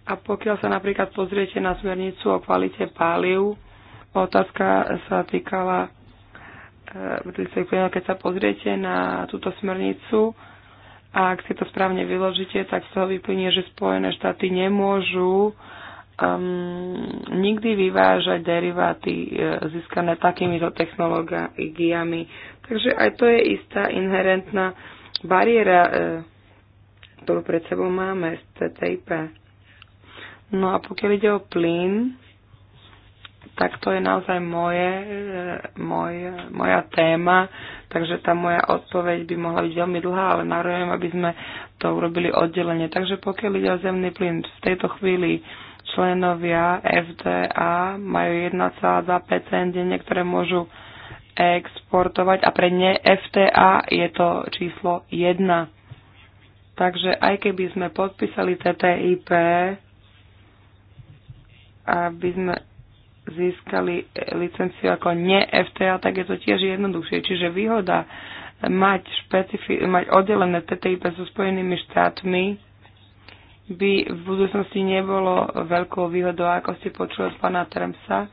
B: a pokiaľ sa napríklad pozriete na smernicu o kvalite páliv, otázka sa týkala Eh, keď sa pozriete na túto smernicu a ak si to správne vyložíte, tak z toho vyplynie, že Spojené štáty nemôžu um, nikdy vyvážať deriváty eh, získané takýmito technológiami. Takže aj to je istá inherentná bariéra, eh, ktorú pred sebou máme z TTIP. No a pokiaľ ide o plyn, tak to je naozaj moje, e, moj, moja téma, takže tá moja odpoveď by mohla byť veľmi dlhá, ale navrhujem, aby sme to urobili oddelenie. Takže pokiaľ ide o zemný plyn, v tejto chvíli členovia FDA majú 1,2 denne, ktoré môžu exportovať a pre ne FTA je to číslo 1. Takže aj keby sme podpísali TTIP, aby sme získali licenciu ako ne FTA, tak je to tiež jednoduchšie. Čiže výhoda mať, špecifi- mať oddelené TTIP so Spojenými štátmi by v budúcnosti nebolo veľkou výhodou, ako ste počuli od pána Tremsa.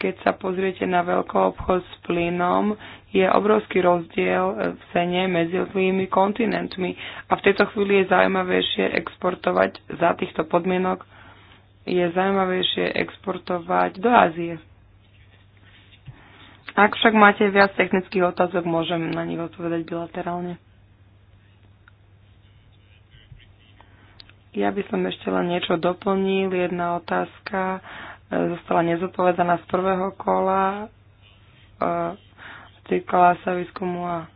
B: Keď sa pozriete na veľký obchod s plynom, je obrovský rozdiel v cene medzi tými kontinentmi. A v tejto chvíli je zaujímavejšie exportovať za týchto podmienok je zaujímavejšie exportovať do Ázie. Ak však máte viac technických otázok, môžem na nich odpovedať bilaterálne. Ja by som ešte len niečo doplnil. Jedna otázka e, zostala nezodpovedaná z prvého kola. E, týkala sa výskumu a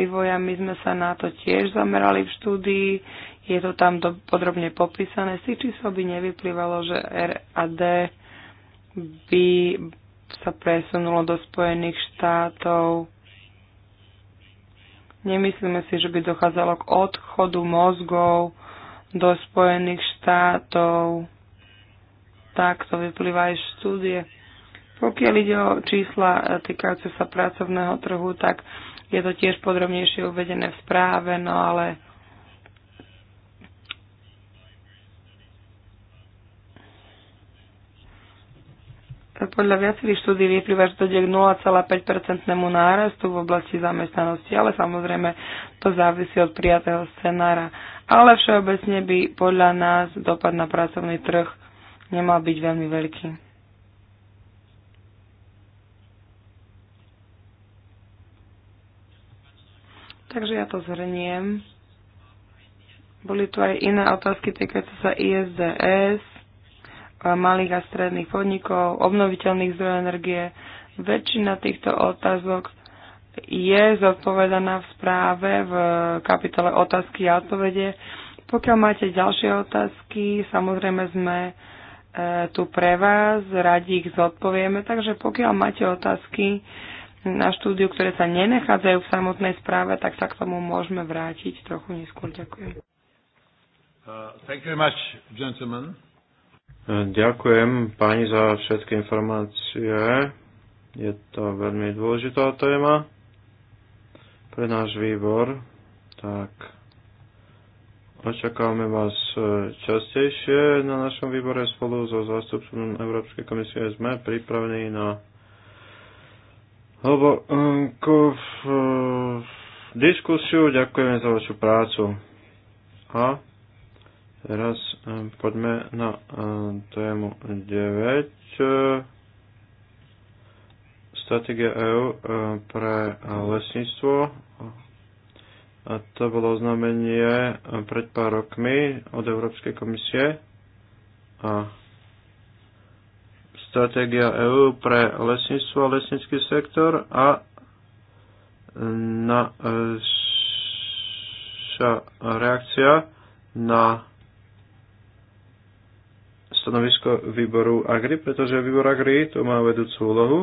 B: vývoja. My sme sa na to tiež zamerali v štúdii. Je to tam do, podrobne popísané. Z tých čísel by nevyplývalo, že RAD by sa presunulo do Spojených štátov. Nemyslíme si, že by dochádzalo k odchodu mozgov do Spojených štátov. Tak to vyplýva aj štúdie. Pokiaľ ide o čísla týkajúce sa pracovného trhu, tak je to tiež podrobnejšie uvedené v správe, no ale Podľa viacerých štúdí vyplýva, že je k 0,5-percentnému nárastu v oblasti zamestnanosti, ale samozrejme to závisí od prijatého scenára. Ale všeobecne by podľa nás dopad na pracovný trh nemal byť veľmi veľký. Takže ja to zhrniem. Boli tu aj iné otázky týkajúce sa ISDS, malých a stredných podnikov, obnoviteľných zdrojov energie. Väčšina týchto otázok je zodpovedaná v správe v kapitole otázky a odpovede. Pokiaľ máte ďalšie otázky, samozrejme sme e, tu pre vás, radi ich zodpovieme, takže pokiaľ máte otázky na štúdiu, ktoré sa nenachádzajú v samotnej správe, tak sa k tomu môžeme vrátiť trochu neskôr. Ďakujem.
C: Uh, thank you very much, gentlemen.
A: Ďakujem pani za všetky informácie. Je to veľmi dôležitá téma pre náš výbor. Tak očakávame vás e, častejšie na našom výbore spolu so zástupcom Európskej komisie. Sme pripravení na hlbokú e, diskusiu. Ďakujeme za vašu prácu. A Teraz e, poďme na e, tému 9. E, stratégia EU pre lesníctvo. A to bolo oznámenie pred pár rokmi od Európskej komisie. A stratégia EU pre lesníctvo a lesnícky sektor a naša reakcia na stanovisko výboru Agri, pretože výbor Agri tu má vedúcu úlohu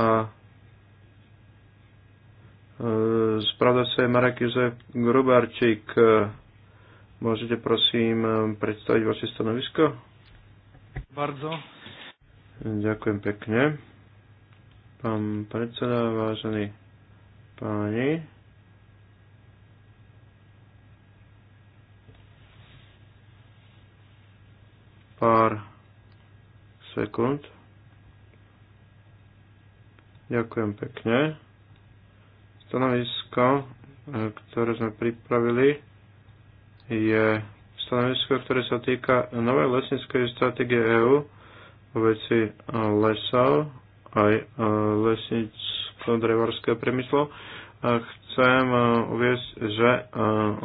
A: a e, spravda sa je Marek Jozef Grubarčík. Môžete prosím e, predstaviť vaše stanovisko? Bardzo. Ďakujem pekne. Pán predseda, vážení páni. sekúnd. Ďakujem pekne. Stanovisko, e, ktoré sme pripravili, je stanovisko, ktoré sa týka novej lesníckej stratégie EÚ v veci e, lesov aj e, lesnícko-drevorské priemyslu svojom eh, uviezť, že eh,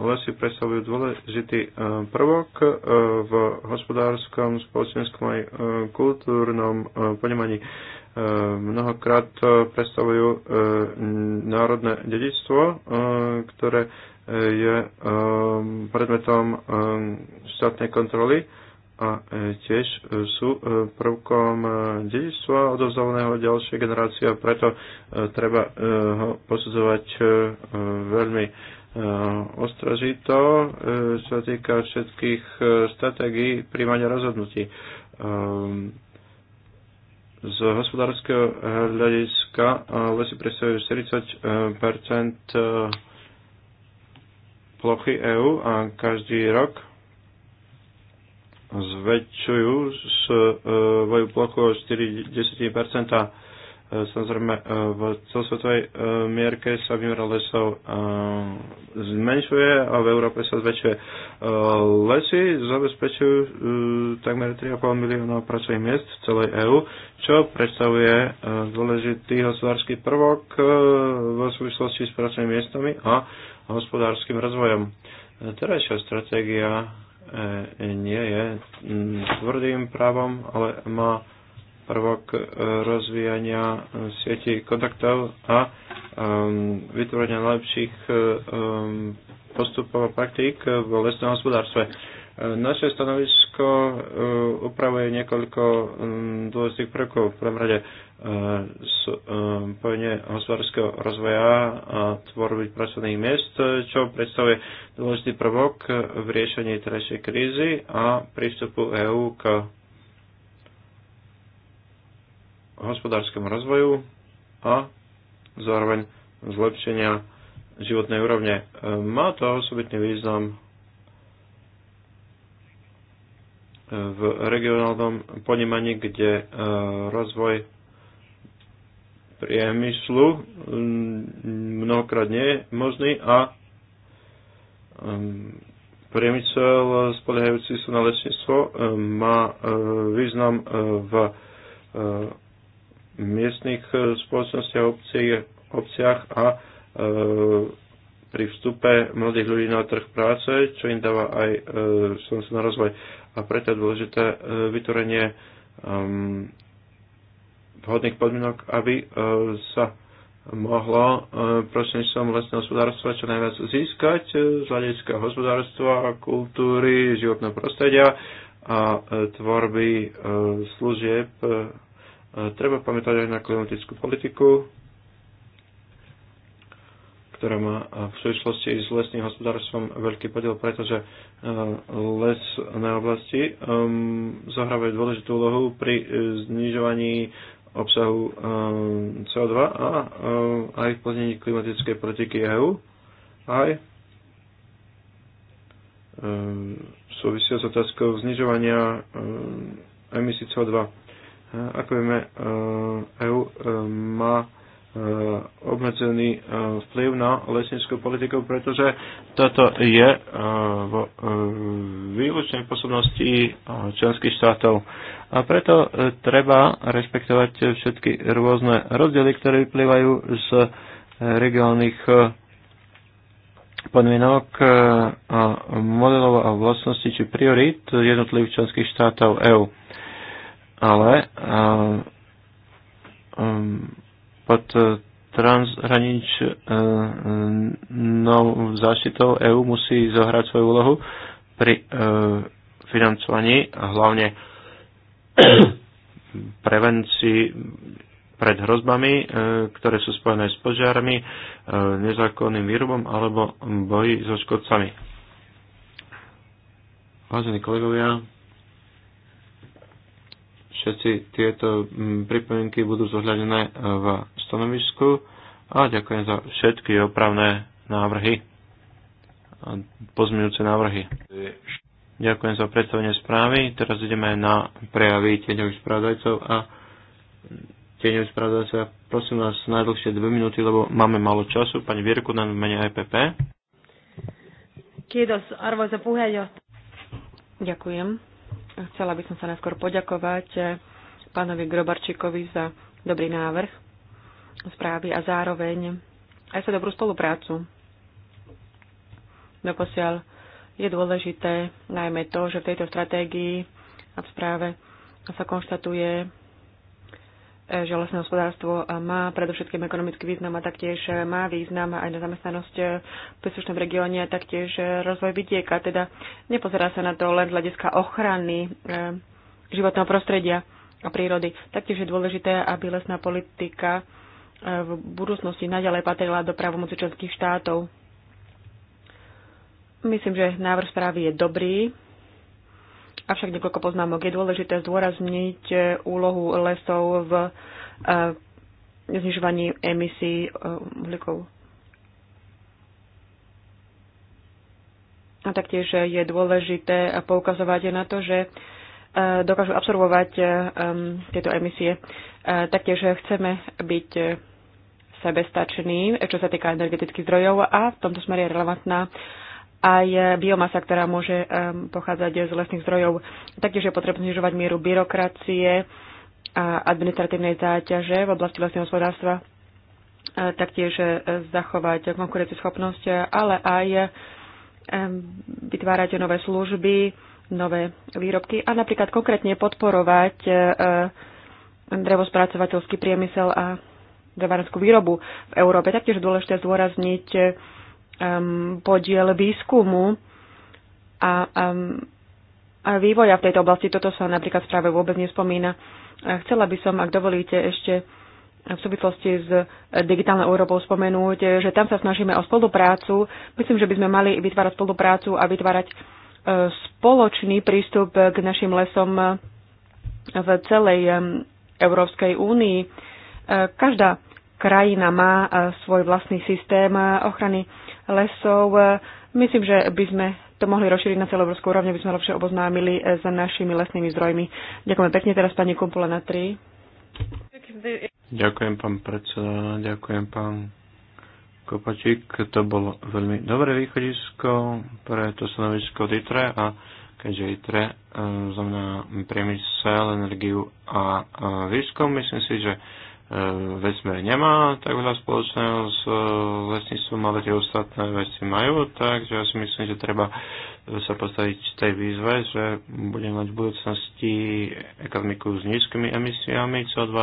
A: lesy predstavujú dôležitý eh, prvok v hospodárskom, spoločenskom aj kultúrnom ponímaní. Mnohokrát predstavujú národné dedictvo, ktoré je predmetom štátnej kontroly a e, tiež e, sú e, prvkom dedičstva odovzdávaného ďalšej generácie a preto treba ho posudzovať veľmi ostražito, čo sa týka všetkých stratégií príjmania rozhodnutí. Z hospodárskeho hľadiska lesy predstavujú 40 plochy EÚ a každý rok zväčšujú svoju e, plochu o 4 e, Samozrejme, e, v celosvetovej mierke sa výmera lesov zmenšuje a v Európe sa zväčšuje. Lesy zabezpečujú takmer 3,5 milióna pracovných miest v celej EÚ, čo predstavuje dôležitý hospodársky prvok v súvislosti s pracovnými miestami a hospodárskym rozvojom. Terajšia stratégia E, nie je mm, tvrdým právom, ale má prvok e, rozvíjania e, sieti kontaktov a vytvorenia najlepších postupov a praktík v lesnom hospodárstve. Naše stanovisko eh, upravuje niekoľko mm, dôležitých prvkov. V prvom rade eh, spojenie eh, hospodárskeho rozvoja a tvorby pracovných miest, čo predstavuje dôležitý prvok v riešení terajšej krízy a prístupu EÚ k hospodárskemu rozvoju a zároveň zlepšenia životnej úrovne. Má to osobitný význam v regionálnom ponímaní, kde e, rozvoj priemyslu mnohokrát nie je možný a priemysel spoliehajúci sa na lesníctvo e, má e, význam v miestnych spoločnostiach, obciach a pri vstupe mladých ľudí na trh práce, čo im dáva aj e, šancu na rozvoj a preto je dôležité e, vytvorenie vhodných podmienok, aby e, sa mohlo e, prostredníctvom lesného hospodárstva čo najviac získať z hľadiska hospodárstva, kultúry, životného prostredia a tvorby služieb. Treba pamätať aj na klimatickú politiku, ktorá má v súvislosti s lesným hospodárstvom veľký podiel, pretože e, lesné oblasti um, zohrávajú dôležitú úlohu pri e, znižovaní obsahu e, CO2 a aj v plnení klimatickej politiky EU, aj súvisia s otázkou znižovania emisí CO2. Ako vieme, EU má Eh, obmedzený eh, vplyv na lesnickú politiku, pretože toto je eh, v výlučnej posobnosti členských štátov. A preto treba rešpektovať všetky rôzne rozdiely, ktoré vyplývajú z regionálnych podmienok a modelov a vlastností či priorít jednotlivých členských štátov EÚ. Ale um, pod eh, transhraničnou eh, eh, zaštitou EÚ musí zohrať svoju úlohu pri financovaní a hlavne prevencii pred hrozbami, ktoré sú spojené s požiarmi, nezákonným výrobom alebo boji so škodcami. Vážení kolegovia, Všetci tieto mm, pripomienky budú zohľadené e, v stanovisku a ďakujem za všetky opravné návrhy a pozmiňujúce návrhy. Ďakujem za predstavenie správy. Teraz ideme na prejavy tieňových spravodajcov a tieňových spravodajcov. Prosím vás najdlhšie dve minúty, lebo máme málo času. Pani Vierku nám v mene EPP.
C: Kiitos, arvoisa puheenjohtaja. Ďakujem. Chcela by som sa najskôr poďakovať eh, pánovi Grobarčíkovi za dobrý návrh správy a zároveň aj za dobrú spoluprácu. Doposiaľ no je dôležité najmä to, že v tejto stratégii a v správe sa konštatuje E, že lesné hospodárstvo e, má predovšetkým ekonomický význam a taktiež e, má význam aj na zamestnanosť v príslušnom regióne a taktiež rozvoj vidieka. Teda nepozerá sa na to len z hľadiska ochrany životného prostredia a prírody. Taktiež je dôležité, aby lesná politika v budúcnosti naďalej patrila do právomoci členských štátov. Myslím, že návrh správy je dobrý Avšak niekoľko poznámok. Je dôležité zdôrazniť eh, úlohu lesov v eh, znižovaní emisí eh, uhlíkov. A taktiež je dôležité poukazovať na to, že dokážu absorbovať tieto emisie. Taktiež chceme byť sebestačný, čo sa týka energetických zdrojov a v tomto smere je relevantná aj e, biomasa, ktorá môže e, pochádzať z lesných zdrojov. Taktiež je potrebné znižovať mieru byrokracie a administratívnej záťaže v oblasti lesného hospodárstva. E, taktiež zachovať konkurencieschopnosť, ale aj vytvárať nové služby, nové výrobky a napríklad konkrétne podporovať drevospracovateľský priemysel a drevárenskú výrobu v Európe. Taktiež dôležité zdôrazniť um, podiel výskumu a, um, a vývoja v tejto oblasti. Toto sa napríklad v správe vôbec nespomína. Chcela by som, ak dovolíte, ešte v súvislosti s digitálnou Európou spomenúť, že tam sa snažíme o spoluprácu. Myslím, že by sme mali vytvárať spoluprácu a vytvárať e, spoločný prístup k našim lesom v celej e, Európskej únii. E, každá krajina má svoj vlastný systém ochrany lesov. E, myslím, že by sme to mohli rozšíriť na celú európsku úrovni, by sme lepšie oboznámili s našimi lesnými zdrojmi. Ďakujem pekne teraz pani Kumpula na 3.
A: Ďakujem pán predseda, ďakujem pán Kopačík. To bolo veľmi dobré východisko pre to stanovisko DITRE a keďže ITRE e, znamená priemysel, energiu a e, výskum, myslím si, že E, vesmír nemá tak veľa spoločného s e, lesníctvom, ale tie ostatné veci majú, takže ja si myslím, že treba sa postaviť tej výzve, že budeme mať v budúcnosti ekonomiku s nízkymi emisiami CO2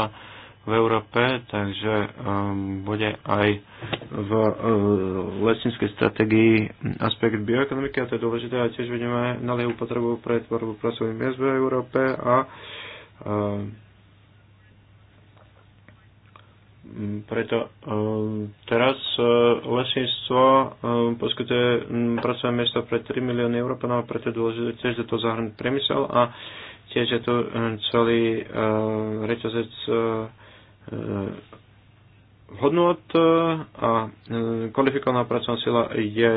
A: v Európe, takže um, bude aj v uh, lesníckej strategii aspekt bioekonomiky a to je dôležité a tiež vidíme naliehavú potrebu pre tvorbu pracovných miest v Európe a um, Mm, preto ehm, teraz e, lesníctvo ehm, poskytuje mm, pracovné miesto pre 3 milióny Európanov, preto je dôležité tiež za to zahrnúť priemysel a tiež je to ehm, celý reťazec e, e, hodnot a kvalifikovaná pracovná sila je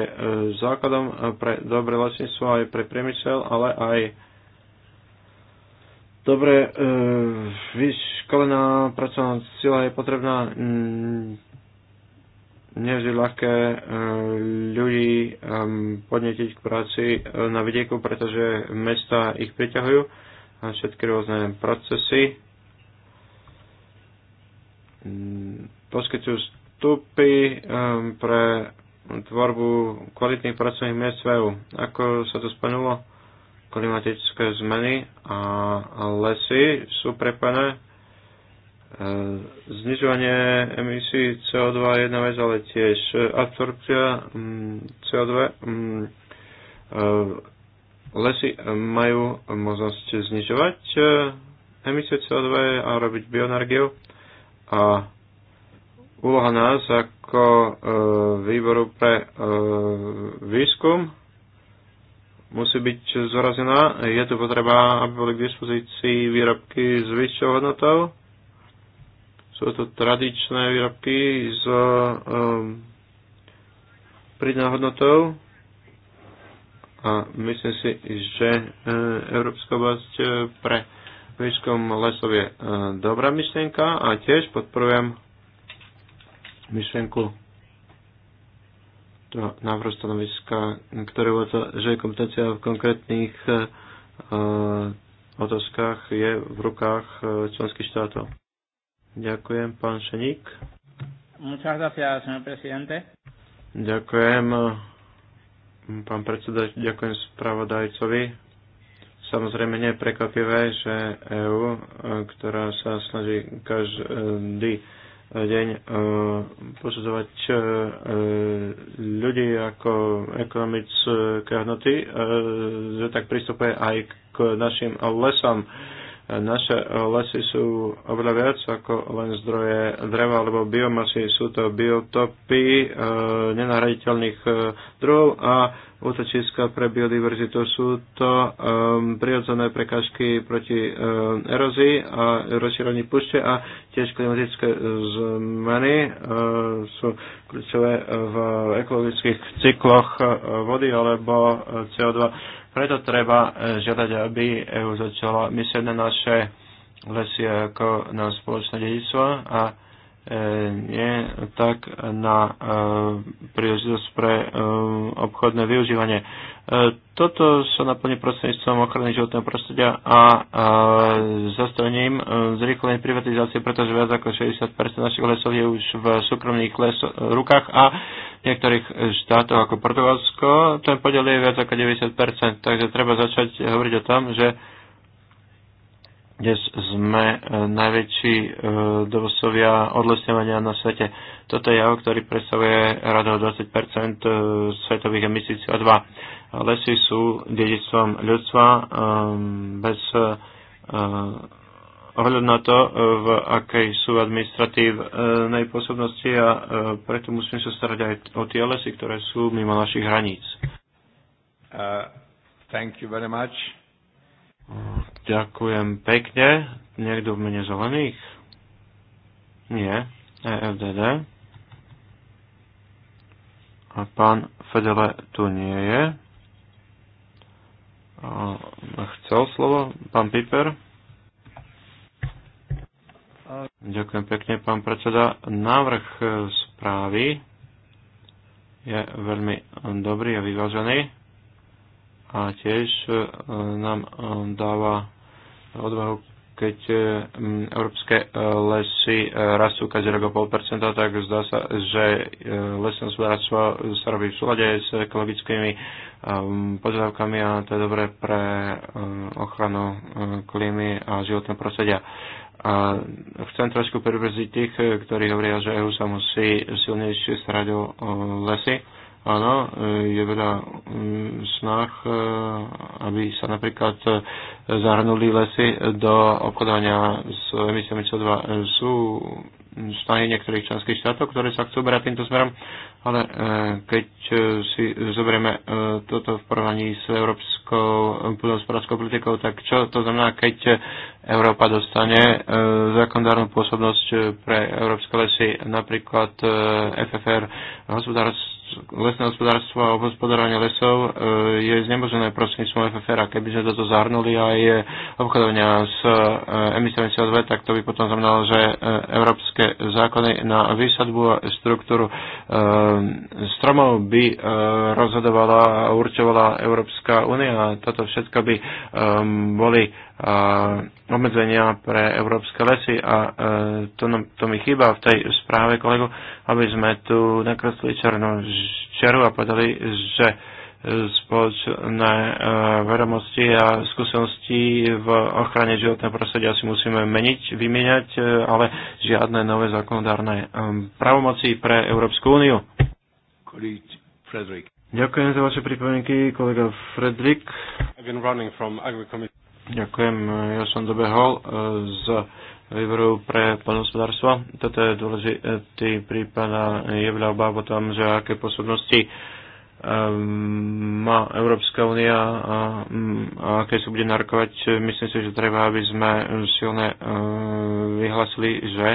A: základom pre dobré lesníctvo aj pre priemysel, ale aj dobre e, vyškolená pracovná sila je potrebná. Mm, Nevždy ľahké e, ľudí e, podnetiť k práci e, na vidieku, pretože mesta ich priťahujú a všetky rôzne procesy mm, poskytujú vstupy pre tvorbu kvalitných pracovných miest v EU. Ako sa to splnulo, klimatické zmeny a lesy sú prepané. E, znižovanie emisí CO2 je jedna vec, ale tiež absorpcia mm, CO2. Mm, e, lesy majú možnosť znižovať e, emisie CO2 a robiť bioenergiu. A úloha nás ako výboru pre výskum musí byť zorazená. Je tu potreba, aby boli k dispozícii výrobky s vyššou hodnotou. Sú to tradičné výrobky s um, pridnou hodnotou. A myslím si, že e, Európska oblasť e, pre výskum lesov je e, dobrá myšlienka a tiež podporujem myšlienku návrh stanoviska, ktoré uvádza, že kompetencia v konkrétnych e, e, otázkach je v rukách e, členských štátov. Ďakujem, pán Šeník. Muchas gracias, señor presidente. Ďakujem, pán predseda, ďakujem spravodajcovi. Samozrejme nie je prekvapivé, že EÚ, ktorá sa snaží každý deň e, posudzovať e, ľudí ako ekonomické hodnoty, e, že tak pristupuje aj k našim lesom naše lesy sú oveľa viac ako len zdroje dreva alebo biomasy. Sú to biotopy e, nenahraditeľných e, druhov a útočiska pre biodiverzitu. Sú to e, prirodzené prekážky proti e, erózii a rozšírení púšte a tiež klimatické e, zmeny e, sú kľúčové v ekologických cykloch e, vody alebo e, CO2 preto treba e, žiadať, aby EU začala myslieť na naše lesy ako na spoločné dedictvo a E, nie, tak na e, príležitosť pre e, obchodné využívanie. Toto sa naplní prostredníctvom ochrany životného prostredia a zastavením zrýchlenej privatizácie, pretože viac ako 60% našich lesov je už v súkromných les rukách a v niektorých štátoch ako Portugalsko ten podiel je viac ako 90%, takže treba začať hovoriť o tom, že dnes sme e, najväčší e, dovozcovia odlesňovania na svete. Toto je jav, ktorý predstavuje rado 20 e, svetových emisí CO2. Lesy sú dedictvom ľudstva bez ohľadu na to, v akej sú administratívnej pôsobnosti a preto musíme sa starať aj o tie lesy, ktoré sú mimo našich hraníc. Uh,
C: thank you very much.
A: Ďakujem pekne. Niekto v mene zelených? Nie. EFDD. A pán Fedele tu nie je. Chcel slovo pán Piper? Ďakujem pekne, pán predseda. Návrh e, správy je veľmi e, dobrý a vyvážený a tiež e, nám e, dáva odvahu, keď e, európske lesy rastú každý rok o 0,5%, tak zdá sa, že lesné hospodárstvo sa robí v súlade s ekologickými požiadavkami a to je dobré pre ochranu klímy a životného prostredia. A chcem trošku pribrziť tých, ktorí hovoria, že EU sa musí silnejšie starať o lesy Áno, e, je veľa e, snah, e, aby sa napríklad zahrnuli lesy do obchodovania s emisiami CO2. Sú snahy niektorých členských štátov, ktoré sa chcú brať týmto smerom, ale keď si zoberieme toto v porovnaní s európskou plnohospodárskou politikou, tak čo to znamená, keď Európa dostane e, zákonodárnu pôsobnosť e, pre európske lesy, napríklad e, FFR, lesné hospodárstvo a obhospodárovanie lesov je znemožené prostredníctvom FFR a keby sme toto zahrnuli aj obchodovania s emisiami CO2, tak to by potom znamenalo, že európske zákony na výsadbu a štruktúru stromov by rozhodovala a určovala Európska únia a toto všetko by boli obmedzenia pre európske lesy a e, to, to mi chýba v tej správe kolego aby sme tu nakreslili černú čeru a povedali, že spoločné e, vedomosti a skúsenosti v ochrane životného prostredia si musíme meniť, vymieňať, e, ale žiadne nové zákonodárne pravomoci pre Európsku úniu. Ďakujem za vaše pripomienky, kolega Fredrik. Ďakujem. Ja som dobehol e, z výboru pre poľnohospodárstvo. Toto je dôležitý prípad a je veľa obáv o tom, že aké posobnosti e, má Európska únia a, a keď sa bude narkovať, myslím si, že treba, aby sme silne e, vyhlasili, že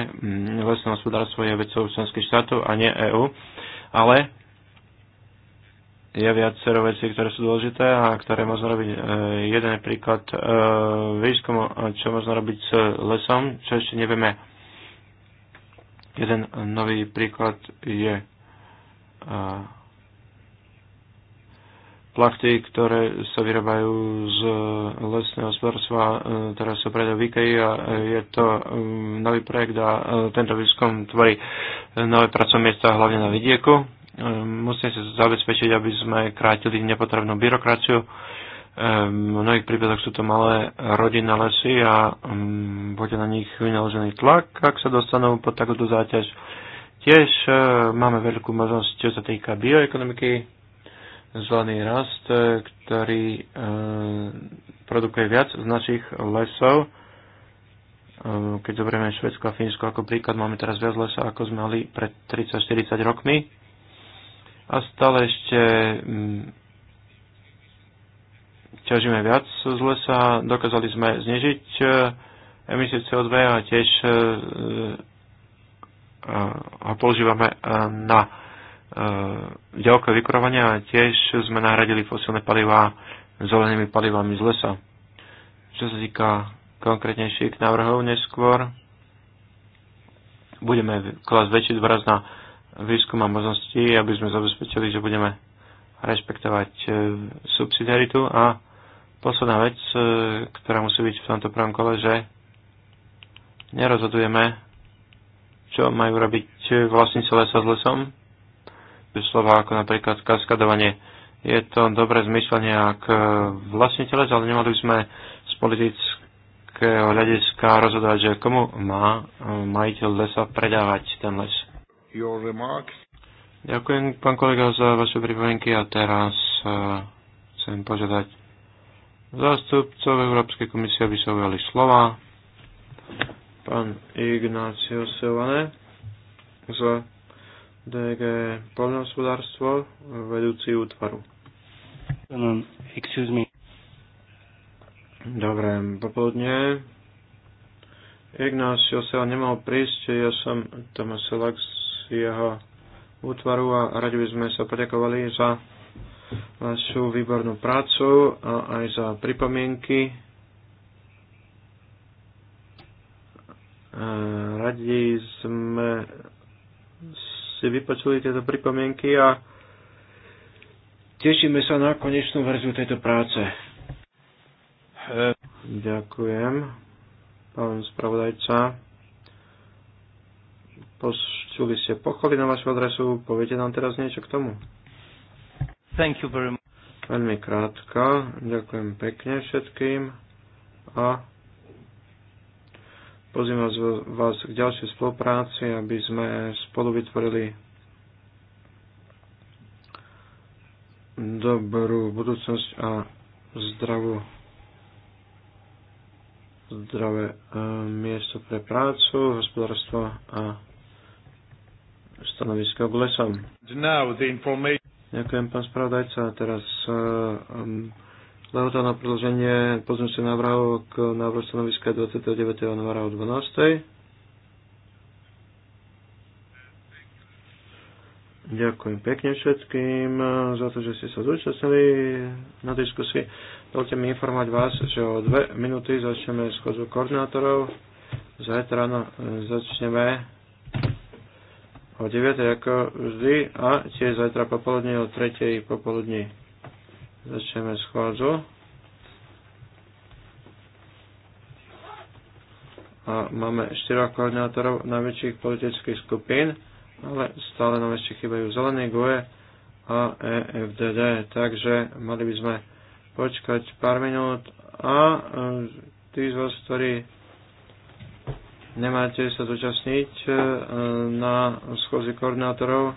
A: lesné hospodárstvo je vecou členských štátov a nie EÚ, ale je viacero vecí, ktoré sú dôležité a ktoré možno robiť. E, jeden je príklad e, výskumu, čo možno robiť s lesom, čo ešte nevieme. Jeden nový príklad je e, plachty, ktoré sa vyrábajú z lesného hospodárstva, teraz sa predajú v IKEA a je to nový projekt a tento výskum tvorí nové pracovné miesta hlavne na vidieku Ehm, musíme sa zabezpečiť, aby sme krátili nepotrebnú byrokraciu. Ehm, v mnohých prípadoch sú to malé rodinné lesy a ehm, bude na nich vynaložený tlak, ak sa dostanú pod takúto záťaž. Tiež máme veľkú možnosť, čo sa týka bioekonomiky, zelený rast, e, ktorý produkuje viac z našich lesov keď zoberieme Švedsko a Fínsko ako príklad, máme teraz viac lesa, ako sme mali pred 30-40 rokmi a stále ešte mm, ťažíme viac z lesa, dokázali sme znižiť e, emisie CO2 a tiež ho e, e, používame na ďalkové vykurovanie a tiež sme nahradili fosílne palivá zelenými palivami z lesa. Čo sa týka konkrétnejších návrhov neskôr, budeme klas väčší dôraz na výskum a možnosti, aby sme zabezpečili, že budeme rešpektovať e, subsidiaritu. A posledná vec, e, ktorá musí byť v tomto prvom kole, že nerozhodujeme, čo majú robiť e, vlastníci lesa s lesom. Slova ako napríklad kaskadovanie. Je to dobré zmyšľanie ak vlastníci lesa, ale nemali by sme z politického hľadiska rozhodovať, že komu má majiteľ lesa predávať ten les your remarks. Ďakujem, pán kolega, za vaše pripomienky a teraz uh, chcem požiadať zástupcov Európskej komisie, aby sa ujali slova. Pán Ignácio Silvane z DG Poľnohospodárstvo, vedúci útvaru. Um, excuse me. Dobre, popoludne. Ignácio Silvane nemohol prísť, ja som Tomas Silvane jeho útvaru a radi by sme sa poďakovali za vašu výbornú prácu a aj za pripomienky. Radi sme si vypočuli tieto pripomienky a tešíme sa na konečnú verziu tejto práce. Ďakujem, pán spravodajca. Čuli ste pochody na vašu adresu, poviete nám teraz niečo k tomu? Thank you very much. Veľmi krátka, ďakujem pekne všetkým a pozývam vás, vás k ďalšej spolupráci, aby sme spolu vytvorili dobrú budúcnosť a zdravú zdravé e, miesto pre prácu, hospodárstvo a stanovisko k lesom. Ďakujem, pán spravodajca. Teraz um, lehota na predloženie pozmeňujúcich návrhu k návrhu stanoviska 29. januára o 12. Ďakujem pekne všetkým eh, za to, že ste sa zúčastnili na diskusii. Dovolte mi informovať vás, že o dve minúty začneme schodzu koordinátorov. Zajtra eh, začneme o 9. ako vždy a tiež zajtra popoludne o 3. popoludní. Začneme schôdzu. A máme 4 koordinátorov najväčších politických skupín, ale stále nám ešte chýbajú zelený GUE a EFDD, takže mali by sme počkať pár minút a e, tí z vás, ktorí nemáte sa zúčastniť e, na schôzi koordinátorov,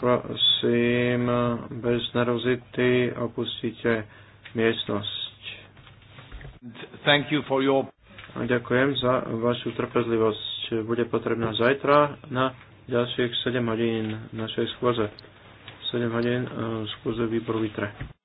A: prosím, bez nervozity opustite miestnosť. Thank you for your... Ďakujem za vašu trpezlivosť. Bude potrebná zajtra na ďalších 7 hodín našej schôze. 7 hodín e, schôze výboru Vitre.